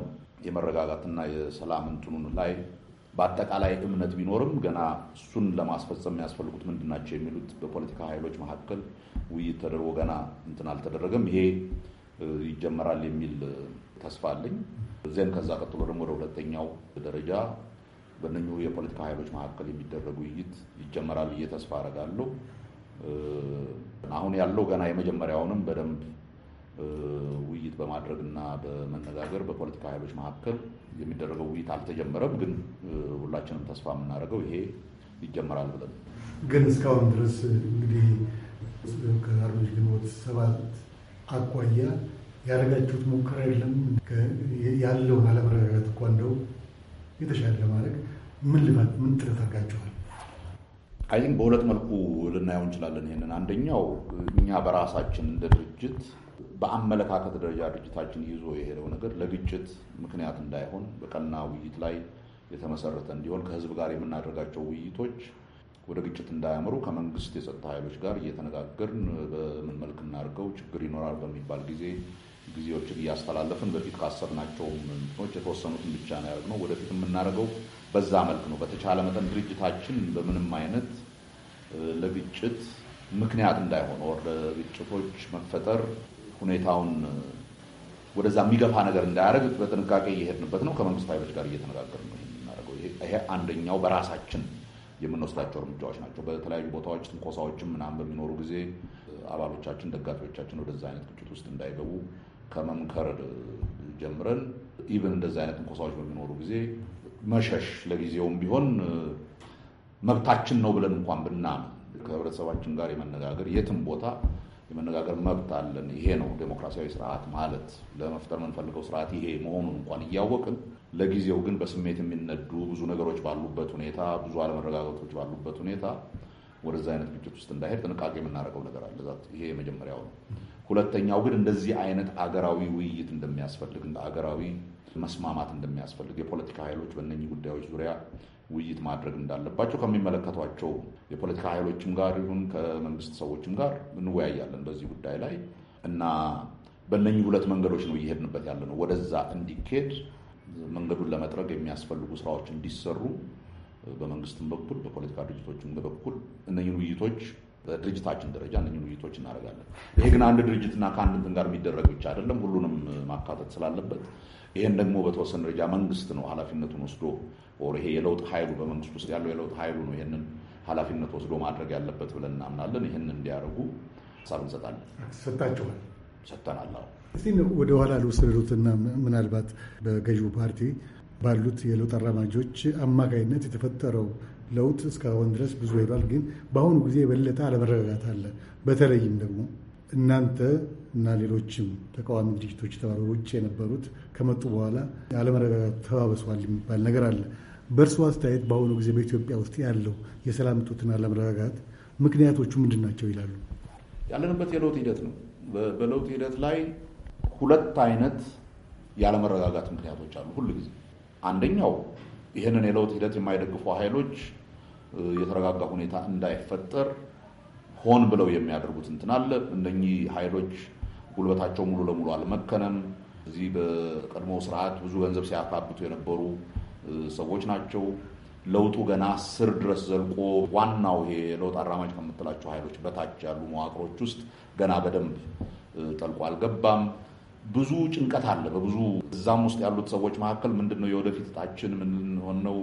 የመረጋጋትና የሰላም እንትኑን ላይ በአጠቃላይ እምነት ቢኖርም ገና እሱን ለማስፈጸም የሚያስፈልጉት ምንድን ናቸው የሚሉት በፖለቲካ ኃይሎች መካከል ውይይት ተደርጎ ገና እንትን አልተደረገም። ይሄ ይጀመራል የሚል ተስፋ አለኝ። እዚያም ከዛ ቀጥሎ ደግሞ ወደ ሁለተኛው ደረጃ በእነኚሁ የፖለቲካ ኃይሎች መካከል የሚደረግ ውይይት ይጀመራል ብዬ ተስፋ አደርጋለሁ። አሁን ያለው ገና የመጀመሪያውንም በደንብ ውይይት በማድረግ እና በመነጋገር በፖለቲካ ኃይሎች መካከል የሚደረገው ውይይት አልተጀመረም። ግን ሁላችንም ተስፋ የምናደርገው ይሄ ይጀመራል ብለን ግን እስካሁን ድረስ እንግዲህ ከአርበኞች ግንቦት ሰባት አኳያ ያደረጋችሁት ሙከራ የለም? ያለውን አለመረጋጋት እኳ እንደው የተሻለ ለማድረግ ምን ልፋት ምን ጥረት አድርጋችኋል? አይ ቲንክ በሁለት መልኩ ልናየው እንችላለን ይሄንን። አንደኛው እኛ በራሳችን እንደ ድርጅት በአመለካከት ደረጃ ድርጅታችን ይዞ የሄደው ነገር ለግጭት ምክንያት እንዳይሆን በቀና ውይይት ላይ የተመሰረተ እንዲሆን ከህዝብ ጋር የምናደርጋቸው ውይይቶች ወደ ግጭት እንዳያምሩ ከመንግስት የጸጥታ ኃይሎች ጋር እየተነጋገርን በምን መልክ እናድርገው ችግር ይኖራል በሚባል ጊዜ ጊዜዎችን እያስተላለፍን በፊት ካሰብናቸው ምኖች የተወሰኑትን ብቻ ነው ያደርግነው። ወደፊት የምናደርገው በዛ መልክ ነው። በተቻለ መጠን ድርጅታችን በምንም አይነት ለግጭት ምክንያት እንዳይሆን ወር ለግጭቶች መፈጠር ሁኔታውን ወደዛ የሚገፋ ነገር እንዳያደርግ በጥንቃቄ እየሄድንበት ነው። ከመንግስት ኃይሎች ጋር እየተነጋገር ነው የምናደርገው። ይሄ አንደኛው በራሳችን የምንወስዳቸው እርምጃዎች ናቸው። በተለያዩ ቦታዎች ትንኮሳዎችም ምናምን በሚኖሩ ጊዜ አባሎቻችን፣ ደጋፊዎቻችን ወደዛ አይነት ግጭት ውስጥ እንዳይገቡ ከመምከር ጀምረን ኢቨን እንደዚህ አይነት ትንኮሳዎች በሚኖሩ ጊዜ መሸሽ ለጊዜውም ቢሆን መብታችን ነው ብለን እንኳን ብናምን ከህብረተሰባችን ጋር የመነጋገር የትም ቦታ የመነጋገር መብት አለን። ይሄ ነው ዴሞክራሲያዊ ስርዓት ማለት ለመፍጠር የምንፈልገው ስርዓት ይሄ መሆኑን እንኳን እያወቅን ለጊዜው ግን በስሜት የሚነዱ ብዙ ነገሮች ባሉበት ሁኔታ፣ ብዙ አለመረጋጋቶች ባሉበት ሁኔታ ወደዛ አይነት ግጭት ውስጥ እንዳይሄድ ጥንቃቄ የምናደርገው ነገር አለ። ይሄ የመጀመሪያው ነው። ሁለተኛው ግን እንደዚህ አይነት አገራዊ ውይይት እንደሚያስፈልግ እንደ አገራዊ መስማማት እንደሚያስፈልግ የፖለቲካ ኃይሎች በእነኚህ ጉዳዮች ዙሪያ ውይይት ማድረግ እንዳለባቸው ከሚመለከቷቸው የፖለቲካ ኃይሎችም ጋር ይሁን ከመንግስት ሰዎችም ጋር እንወያያለን በዚህ ጉዳይ ላይ እና በእነኚህ ሁለት መንገዶች ነው እየሄድንበት ያለ ነው። ወደዛ እንዲኬድ መንገዱን ለመጥረግ የሚያስፈልጉ ስራዎች እንዲሰሩ በመንግስትም በኩል በፖለቲካ ድርጅቶችም በኩል እነኚህን ውይይቶች በድርጅታችን ደረጃ እነኝን ውይይቶች እናደርጋለን። ይሄ ግን አንድ ድርጅትና ከአንድ እንትን ጋር የሚደረግ ብቻ አይደለም፣ ሁሉንም ማካተት ስላለበት ይሄን ደግሞ በተወሰነ ደረጃ መንግስት ነው ኃላፊነቱን ወስዶ ይሄ የለውጥ ኃይሉ በመንግስት ውስጥ ያለው የለውጥ ኃይሉ ነው ይሄንን ኃላፊነት ወስዶ ማድረግ ያለበት ብለን እናምናለን። ይህን እንዲያደርጉ ሀሳብ እንሰጣለን። ሰጥታችኋል? ሰጥተናል። እስቲ ወደ ኋላ ልወሰዱትና ምናልባት በገዢው ፓርቲ ባሉት የለውጥ አራማጆች አማካይነት የተፈጠረው ለውጥ እስካሁን ድረስ ብዙ ሄዷል። ግን በአሁኑ ጊዜ የበለጠ አለመረጋጋት አለ። በተለይም ደግሞ እናንተ እና ሌሎችም ተቃዋሚ ድርጅቶች የተባሉ ውጭ የነበሩት ከመጡ በኋላ አለመረጋጋቱ ተባብሷል የሚባል ነገር አለ። በእርስዎ አስተያየት በአሁኑ ጊዜ በኢትዮጵያ ውስጥ ያለው የሰላም እጦትና አለመረጋጋት ምክንያቶቹ ምንድን ናቸው ይላሉ? ያለንበት የለውጥ ሂደት ነው። በለውጥ ሂደት ላይ ሁለት አይነት የአለመረጋጋት ምክንያቶች አሉ ሁል ጊዜ አንደኛው ይህንን የለውጥ ሂደት የማይደግፉ ኃይሎች የተረጋጋ ሁኔታ እንዳይፈጠር ሆን ብለው የሚያደርጉት እንትን አለ። እነኚህ ኃይሎች ጉልበታቸው ሙሉ ለሙሉ አልመከነም። እዚህ በቀድሞ ስርዓት ብዙ ገንዘብ ሲያካብቱ የነበሩ ሰዎች ናቸው። ለውጡ ገና ስር ድረስ ዘልቆ ዋናው ይሄ ለውጥ አራማጅ ከምትላቸው ኃይሎች በታች ያሉ መዋቅሮች ውስጥ ገና በደንብ ጠልቆ አልገባም። ብዙ ጭንቀት አለ። በብዙ እዛም ውስጥ ያሉት ሰዎች መካከል ምንድን ነው የወደፊት እጣችን ምን ነው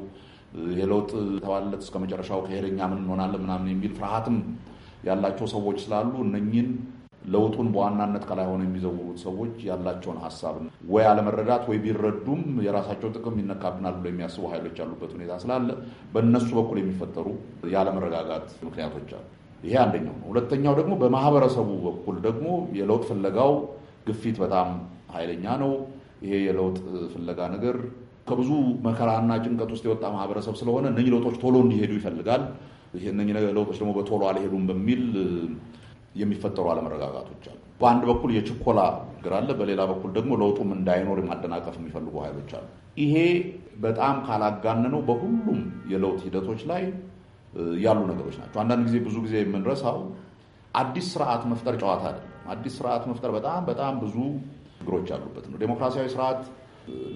የለውጥ ተዋለት እስከ መጨረሻው ከሄደኛ ምን እንሆናለን ምናምን የሚል ፍርሃትም ያላቸው ሰዎች ስላሉ እነኝን ለውጡን በዋናነት ከላይ ሆነ የሚዘውሩት ሰዎች ያላቸውን ሀሳብ ወይ አለመረዳት ወይ ቢረዱም የራሳቸው ጥቅም ይነካብናል ብሎ የሚያስቡ ኃይሎች ያሉበት ሁኔታ ስላለ በእነሱ በኩል የሚፈጠሩ የአለመረጋጋት ምክንያቶች አሉ። ይሄ አንደኛው ነው። ሁለተኛው ደግሞ በማህበረሰቡ በኩል ደግሞ የለውጥ ፍለጋው ግፊት በጣም ኃይለኛ ነው። ይሄ የለውጥ ፍለጋ ነገር ከብዙ መከራና ጭንቀት ውስጥ የወጣ ማህበረሰብ ስለሆነ እነኚህ ለውጦች ቶሎ እንዲሄዱ ይፈልጋል። እነኚህ ለውጦች ደግሞ በቶሎ አልሄዱም በሚል የሚፈጠሩ አለመረጋጋቶች አሉ። በአንድ በኩል የችኮላ ግር አለ፣ በሌላ በኩል ደግሞ ለውጡም እንዳይኖር ማደናቀፍ የሚፈልጉ ኃይሎች አሉ። ይሄ በጣም ካላጋነነው በሁሉም የለውጥ ሂደቶች ላይ ያሉ ነገሮች ናቸው። አንዳንድ ጊዜ ብዙ ጊዜ የምንረሳው አዲስ ስርዓት መፍጠር ጨዋታ አይደለም። አዲስ ስርዓት መፍጠር በጣም በጣም ብዙ ችግሮች ያሉበት ነው። ዴሞክራሲያዊ ስርዓት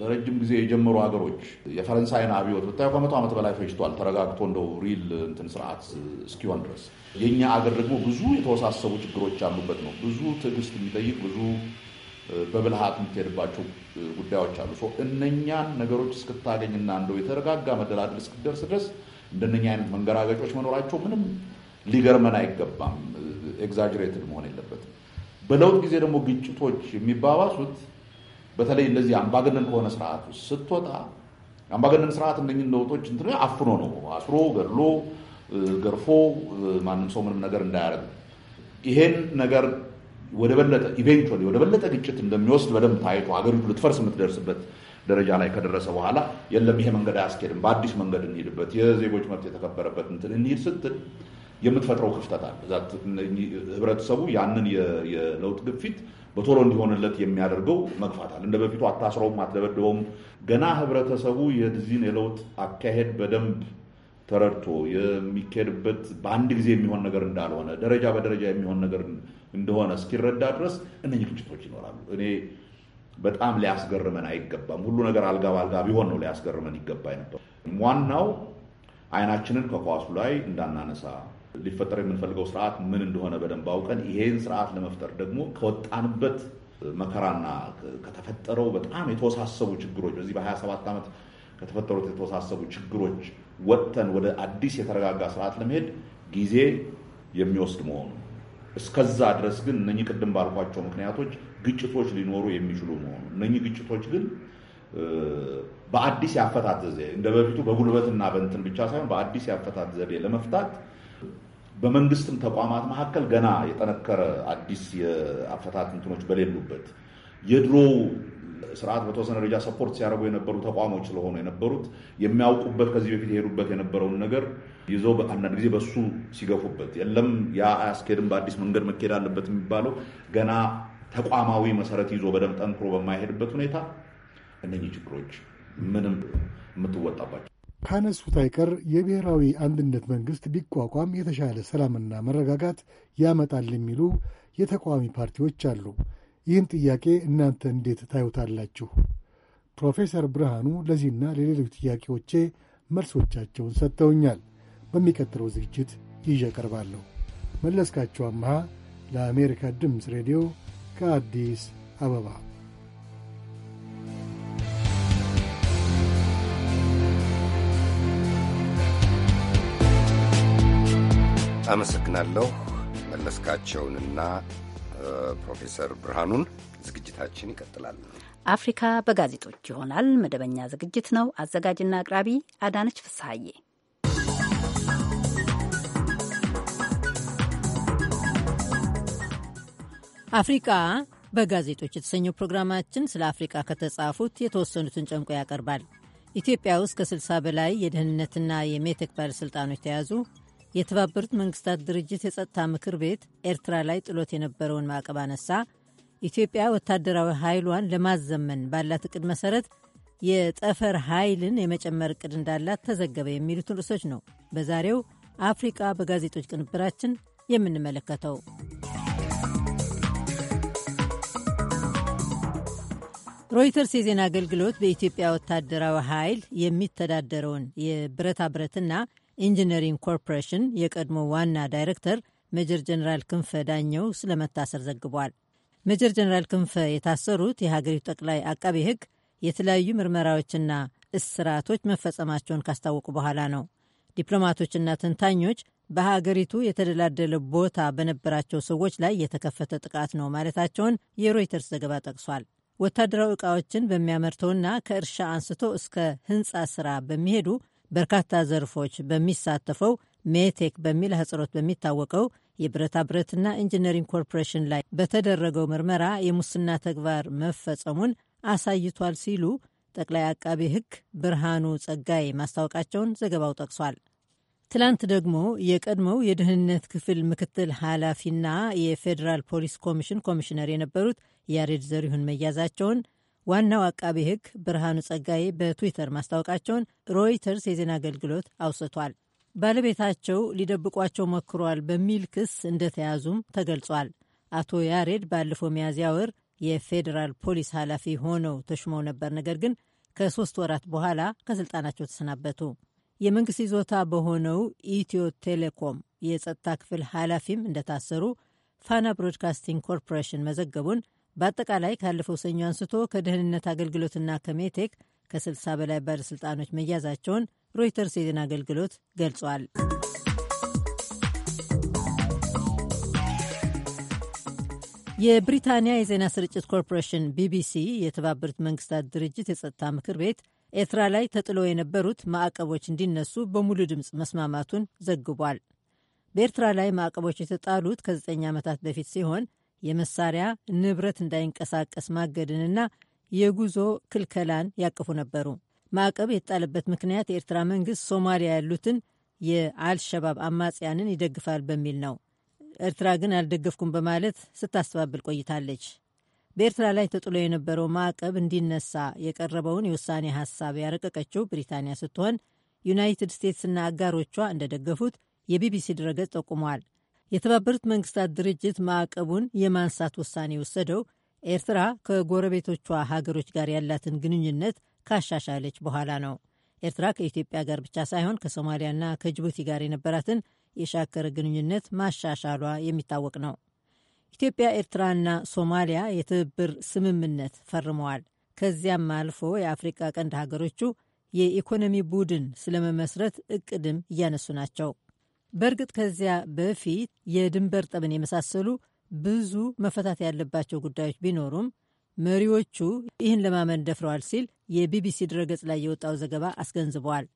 ለረጅም ጊዜ የጀመሩ ሀገሮች የፈረንሳይን አብዮት ብታየው ከመቶ ዓመት በላይ ፈጅቷል ተረጋግቶ እንደው ሪል እንትን ስርዓት እስኪሆን ድረስ። የእኛ አገር ደግሞ ብዙ የተወሳሰቡ ችግሮች ያሉበት ነው። ብዙ ትዕግስት የሚጠይቅ ብዙ በብልሃት የምትሄድባቸው ጉዳዮች አሉ። እነኛን ነገሮች እስክታገኝና እንደው የተረጋጋ መደላደል እስክደርስ ድረስ እንደነኛ አይነት መንገራገጮች መኖራቸው ምንም ሊገርመን አይገባም። ኤግዛጅሬትድ መሆን የለም። በለውጥ ጊዜ ደግሞ ግጭቶች የሚባባሱት በተለይ እንደዚህ አምባገነን ከሆነ ስርዓት ውስጥ ስትወጣ አምባገነን ስርዓት እነኝን ለውጦች እንትን አፍኖ ነው አስሮ ገድሎ ገርፎ ማንም ሰው ምንም ነገር እንዳያደርግ ይሄን ነገር ወደ በለጠ ኢቬንቹዋሊ ወደ በለጠ ግጭት እንደሚወስድ በደንብ ታይቶ ሀገሪቱ ልትፈርስ የምትደርስበት ደረጃ ላይ ከደረሰ በኋላ የለም ይሄ መንገድ አያስኬድም፣ በአዲስ መንገድ እንሄድበት የዜጎች መብት የተከበረበት እንትን እንሄድ ስትል የምትፈጥረው ክፍተት አለ። ህብረተሰቡ ያንን የለውጥ ግፊት በቶሎ እንዲሆንለት የሚያደርገው አለ። እንደ በፊቱ አታስረውም፣ አትደበድበውም። ገና ህብረተሰቡ የዚህን የለውጥ አካሄድ በደንብ ተረድቶ የሚካሄድበት በአንድ ጊዜ የሚሆን ነገር እንዳልሆነ ደረጃ በደረጃ የሚሆን ነገር እንደሆነ እስኪረዳ ድረስ እነኚህ ግጭቶች ይኖራሉ። እኔ በጣም ሊያስገርመን አይገባም። ሁሉ ነገር አልጋ በአልጋ ቢሆን ነው ሊያስገርመን ይገባ ነበር። ዋናው አይናችንን ከኳሱ ላይ እንዳናነሳ ሊፈጠር የምንፈልገው ስርዓት ምን እንደሆነ በደንብ አውቀን ይሄን ስርዓት ለመፍጠር ደግሞ ከወጣንበት መከራና ከተፈጠረው በጣም የተወሳሰቡ ችግሮች በዚህ በ27 ዓመት ከተፈጠሩት የተወሳሰቡ ችግሮች ወጥተን ወደ አዲስ የተረጋጋ ስርዓት ለመሄድ ጊዜ የሚወስድ መሆኑ እስከዛ ድረስ ግን እነኚህ ቅድም ባልኳቸው ምክንያቶች ግጭቶች ሊኖሩ የሚችሉ መሆኑ እነኚህ ግጭቶች ግን በአዲስ ያፈታት ዘዴ እንደ በፊቱ በጉልበትና በእንትን ብቻ ሳይሆን በአዲስ ያፈታት ዘዴ ለመፍታት በመንግስትም ተቋማት መካከል ገና የጠነከረ አዲስ የአፈታት እንትኖች በሌሉበት የድሮ ስርዓት በተወሰነ ደረጃ ሰፖርት ሲያደርጉ የነበሩ ተቋሞች ስለሆኑ የነበሩት የሚያውቁበት ከዚህ በፊት የሄዱበት የነበረውን ነገር ይዞ አንዳንድ ጊዜ በሱ ሲገፉበት የለም ያ አያስኬድም፣ በአዲስ መንገድ መኬድ አለበት የሚባለው ገና ተቋማዊ መሰረት ይዞ በደንብ ጠንክሮ በማይሄድበት ሁኔታ እነኚህ ችግሮች ምንም የምትወጣባቸው ካነሱት አይቀር የብሔራዊ አንድነት መንግሥት ቢቋቋም የተሻለ ሰላምና መረጋጋት ያመጣል የሚሉ የተቃዋሚ ፓርቲዎች አሉ። ይህን ጥያቄ እናንተ እንዴት ታዩታላችሁ? ፕሮፌሰር ብርሃኑ ለዚህና ለሌሎች ጥያቄዎቼ መልሶቻቸውን ሰጥተውኛል። በሚቀጥለው ዝግጅት ይዤ ቀርባለሁ። መለስካቸው አምሃ ለአሜሪካ ድምፅ ሬዲዮ ከአዲስ አበባ አመሰግናለሁ መለስካቸውንና ፕሮፌሰር ብርሃኑን። ዝግጅታችን ይቀጥላል። አፍሪካ በጋዜጦች ይሆናል። መደበኛ ዝግጅት ነው። አዘጋጅና አቅራቢ አዳነች ፍስሐዬ። አፍሪቃ በጋዜጦች የተሰኘው ፕሮግራማችን ስለ አፍሪቃ ከተጻፉት የተወሰኑትን ጨምቆ ያቀርባል። ኢትዮጵያ ውስጥ ከ60 በላይ የደህንነትና የሜቴክ ባለሥልጣኖች ተያዙ፣ የተባበሩት መንግስታት ድርጅት የጸጥታ ምክር ቤት ኤርትራ ላይ ጥሎት የነበረውን ማዕቀብ አነሳ። ኢትዮጵያ ወታደራዊ ኃይሏን ለማዘመን ባላት እቅድ መሰረት የጠፈር ኃይልን የመጨመር እቅድ እንዳላት ተዘገበ። የሚሉትን ርዕሶች ነው በዛሬው አፍሪቃ በጋዜጦች ቅንብራችን የምንመለከተው። ሮይተርስ የዜና አገልግሎት በኢትዮጵያ ወታደራዊ ኃይል የሚተዳደረውን የብረታ ብረትና ኢንጂነሪንግ ኮርፖሬሽን የቀድሞ ዋና ዳይሬክተር ሜጀር ጀነራል ክንፈ ዳኘው ስለመታሰር ዘግቧል። ሜጀር ጀነራል ክንፈ የታሰሩት የሀገሪቱ ጠቅላይ አቃቤ ሕግ የተለያዩ ምርመራዎችና እስራቶች መፈጸማቸውን ካስታወቁ በኋላ ነው። ዲፕሎማቶችና ተንታኞች በሀገሪቱ የተደላደለ ቦታ በነበራቸው ሰዎች ላይ የተከፈተ ጥቃት ነው ማለታቸውን የሮይተርስ ዘገባ ጠቅሷል። ወታደራዊ ዕቃዎችን በሚያመርተውና ከእርሻ አንስቶ እስከ ህንፃ ስራ በሚሄዱ በርካታ ዘርፎች በሚሳተፈው ሜቴክ በሚል ህጽሮት በሚታወቀው የብረታ ብረትና ኢንጂነሪንግ ኮርፖሬሽን ላይ በተደረገው ምርመራ የሙስና ተግባር መፈጸሙን አሳይቷል ሲሉ ጠቅላይ አቃቢ ህግ ብርሃኑ ጸጋይ ማስታወቃቸውን ዘገባው ጠቅሷል። ትላንት ደግሞ የቀድሞው የደህንነት ክፍል ምክትል ኃላፊና የፌዴራል ፖሊስ ኮሚሽን ኮሚሽነር የነበሩት ያሬድ ዘሪሁን መያዛቸውን ዋናው አቃቤ ሕግ ብርሃኑ ጸጋዬ በትዊተር ማስታወቃቸውን ሮይተርስ የዜና አገልግሎት አውስቷል። ባለቤታቸው ሊደብቋቸው ሞክሯል በሚል ክስ እንደተያዙም ተገልጿል። አቶ ያሬድ ባለፈው ሚያዝያ ወር የፌዴራል ፖሊስ ኃላፊ ሆነው ተሹመው ነበር። ነገር ግን ከሶስት ወራት በኋላ ከስልጣናቸው ተሰናበቱ። የመንግስት ይዞታ በሆነው ኢትዮ ቴሌኮም የጸጥታ ክፍል ኃላፊም እንደታሰሩ ፋና ብሮድካስቲንግ ኮርፖሬሽን መዘገቡን በአጠቃላይ ካለፈው ሰኞ አንስቶ ከደህንነት አገልግሎትና ከሜቴክ ከ60 በላይ ባለሥልጣኖች መያዛቸውን ሮይተርስ የዜና አገልግሎት ገልጿል። የብሪታንያ የዜና ስርጭት ኮርፖሬሽን ቢቢሲ የተባበሩት መንግስታት ድርጅት የጸጥታ ምክር ቤት ኤርትራ ላይ ተጥለው የነበሩት ማዕቀቦች እንዲነሱ በሙሉ ድምፅ መስማማቱን ዘግቧል። በኤርትራ ላይ ማዕቀቦች የተጣሉት ከ9 ዓመታት በፊት ሲሆን የመሳሪያ ንብረት እንዳይንቀሳቀስ ማገድንና የጉዞ ክልከላን ያቀፉ ነበሩ። ማዕቀብ የተጣለበት ምክንያት የኤርትራ መንግስት ሶማሊያ ያሉትን የአልሸባብ አማጽያንን ይደግፋል በሚል ነው። ኤርትራ ግን አልደገፍኩም በማለት ስታስተባብል ቆይታለች። በኤርትራ ላይ ተጥሎ የነበረው ማዕቀብ እንዲነሳ የቀረበውን የውሳኔ ሀሳብ ያረቀቀችው ብሪታንያ ስትሆን ዩናይትድ ስቴትስና አጋሮቿ እንደደገፉት የቢቢሲ ድረገጽ ጠቁሟል። የተባበሩት መንግስታት ድርጅት ማዕቀቡን የማንሳት ውሳኔ የወሰደው ኤርትራ ከጎረቤቶቿ ሀገሮች ጋር ያላትን ግንኙነት ካሻሻለች በኋላ ነው። ኤርትራ ከኢትዮጵያ ጋር ብቻ ሳይሆን ከሶማሊያና ከጅቡቲ ጋር የነበራትን የሻከረ ግንኙነት ማሻሻሏ የሚታወቅ ነው። ኢትዮጵያ፣ ኤርትራና ሶማሊያ የትብብር ስምምነት ፈርመዋል። ከዚያም አልፎ የአፍሪቃ ቀንድ ሀገሮቹ የኢኮኖሚ ቡድን ስለመመስረት እቅድም እያነሱ ናቸው። በእርግጥ ከዚያ በፊት የድንበር ጠብን የመሳሰሉ ብዙ መፈታት ያለባቸው ጉዳዮች ቢኖሩም መሪዎቹ ይህን ለማመን ደፍረዋል ሲል የቢቢሲ ድረገጽ ላይ የወጣው ዘገባ አስገንዝበዋል።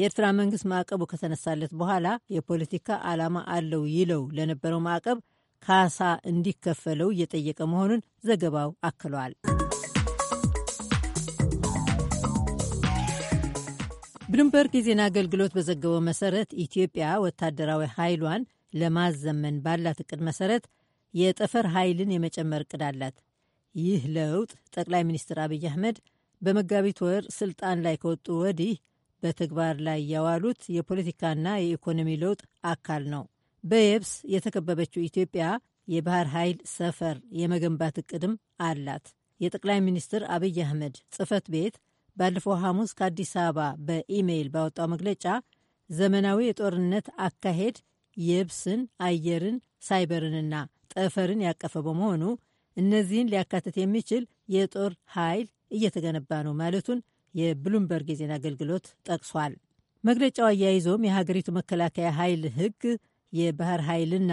የኤርትራ መንግስት ማዕቀቡ ከተነሳለት በኋላ የፖለቲካ ዓላማ አለው ይለው ለነበረው ማዕቀብ ካሳ እንዲከፈለው እየጠየቀ መሆኑን ዘገባው አክሏል። ብሉምበርግ የዜና አገልግሎት በዘገበው መሰረት ኢትዮጵያ ወታደራዊ ኃይሏን ለማዘመን ባላት እቅድ መሰረት የጠፈር ኃይልን የመጨመር እቅድ አላት። ይህ ለውጥ ጠቅላይ ሚኒስትር አብይ አህመድ በመጋቢት ወር ስልጣን ላይ ከወጡ ወዲህ በተግባር ላይ ያዋሉት የፖለቲካና የኢኮኖሚ ለውጥ አካል ነው። በየብስ የተከበበችው ኢትዮጵያ የባህር ኃይል ሰፈር የመገንባት እቅድም አላት። የጠቅላይ ሚኒስትር አብይ አህመድ ጽህፈት ቤት ባለፈው ሐሙስ ከአዲስ አበባ በኢሜይል ባወጣው መግለጫ ዘመናዊ የጦርነት አካሄድ የብስን፣ አየርን፣ ሳይበርንና ጠፈርን ያቀፈ በመሆኑ እነዚህን ሊያካትት የሚችል የጦር ኃይል እየተገነባ ነው ማለቱን የብሉምበርግ የዜና አገልግሎት ጠቅሷል። መግለጫው አያይዞም የሀገሪቱ መከላከያ ኃይል ሕግ የባህር ኃይልና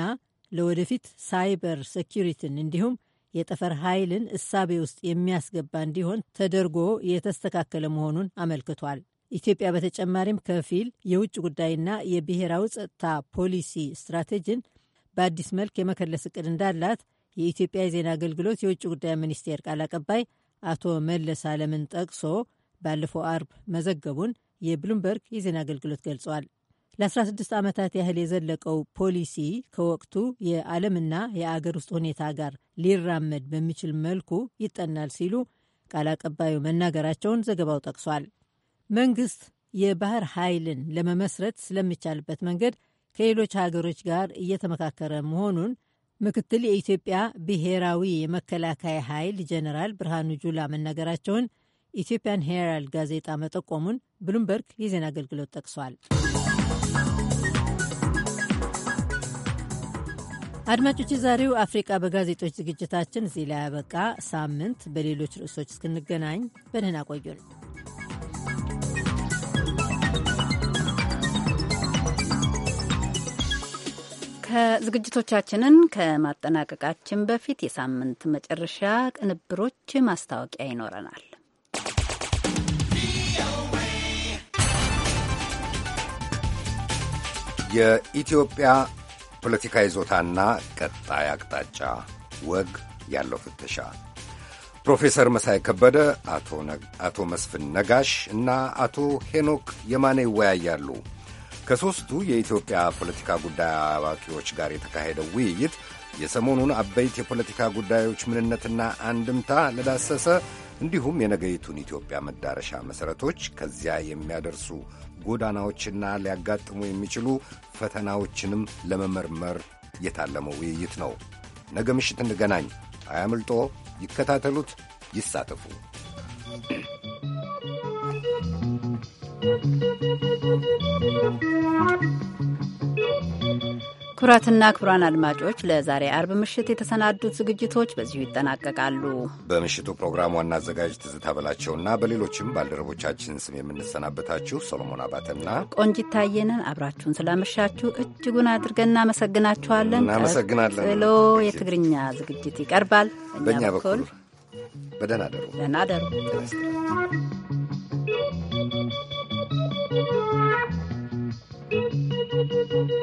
ለወደፊት ሳይበር ሴኪሪቲን እንዲሁም የጠፈር ኃይልን እሳቤ ውስጥ የሚያስገባ እንዲሆን ተደርጎ የተስተካከለ መሆኑን አመልክቷል። ኢትዮጵያ በተጨማሪም ከፊል የውጭ ጉዳይና የብሔራዊ ጸጥታ ፖሊሲ ስትራቴጂን በአዲስ መልክ የመከለስ እቅድ እንዳላት የኢትዮጵያ የዜና አገልግሎት የውጭ ጉዳይ ሚኒስቴር ቃል አቀባይ አቶ መለስ አለምን ጠቅሶ ባለፈው አርብ መዘገቡን የብሉምበርግ የዜና አገልግሎት ገልጿል። ለ16 ዓመታት ያህል የዘለቀው ፖሊሲ ከወቅቱ የዓለምና የአገር ውስጥ ሁኔታ ጋር ሊራመድ በሚችል መልኩ ይጠናል ሲሉ ቃል አቀባዩ መናገራቸውን ዘገባው ጠቅሷል። መንግስት የባህር ኃይልን ለመመስረት ስለሚቻልበት መንገድ ከሌሎች ሀገሮች ጋር እየተመካከረ መሆኑን ምክትል የኢትዮጵያ ብሔራዊ የመከላከያ ኃይል ጀነራል ብርሃኑ ጁላ መናገራቸውን ኢትዮጵያን ሄራልድ ጋዜጣ መጠቆሙን ብሉምበርግ የዜና አገልግሎት ጠቅሷል። አድማጮች፣ የዛሬው አፍሪቃ በጋዜጦች ዝግጅታችን እዚህ ላይ ያበቃ። ሳምንት በሌሎች ርዕሶች እስክንገናኝ በደህና ቆዩን። ከዝግጅቶቻችንን ከማጠናቀቃችን በፊት የሳምንት መጨረሻ ቅንብሮች ማስታወቂያ ይኖረናል። የኢትዮጵያ ፖለቲካ ይዞታና ቀጣይ አቅጣጫ ወግ ያለው ፍተሻ ፕሮፌሰር መሳይ ከበደ፣ አቶ መስፍን ነጋሽ እና አቶ ሄኖክ የማነ ይወያያሉ። ከሦስቱ የኢትዮጵያ ፖለቲካ ጉዳይ አዋቂዎች ጋር የተካሄደው ውይይት የሰሞኑን አበይት የፖለቲካ ጉዳዮች ምንነትና አንድምታ ለዳሰሰ እንዲሁም የነገይቱን ኢትዮጵያ መዳረሻ መሠረቶች ከዚያ የሚያደርሱ ጎዳናዎችና ሊያጋጥሙ የሚችሉ ፈተናዎችንም ለመመርመር የታለመ ውይይት ነው። ነገ ምሽት እንገናኝ። አያምልጦ። ይከታተሉት፣ ይሳተፉ። Thank you. ክቡራትና ክቡራን አድማጮች ለዛሬ አርብ ምሽት የተሰናዱት ዝግጅቶች በዚሁ ይጠናቀቃሉ። በምሽቱ ፕሮግራም ዋና አዘጋጅ ትዝታ በላቸውና በሌሎችም ባልደረቦቻችን ስም የምንሰናበታችሁ ሰሎሞን አባተና ቆንጂት ታየነን አብራችሁን ስላመሻችሁ እጅጉን አድርገን እናመሰግናችኋለን። እናመሰግናለን። ቀጥሎ የትግርኛ ዝግጅት ይቀርባል። በእኛ በኩል በደህና አደሩ። ደህና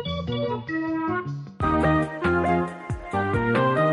you.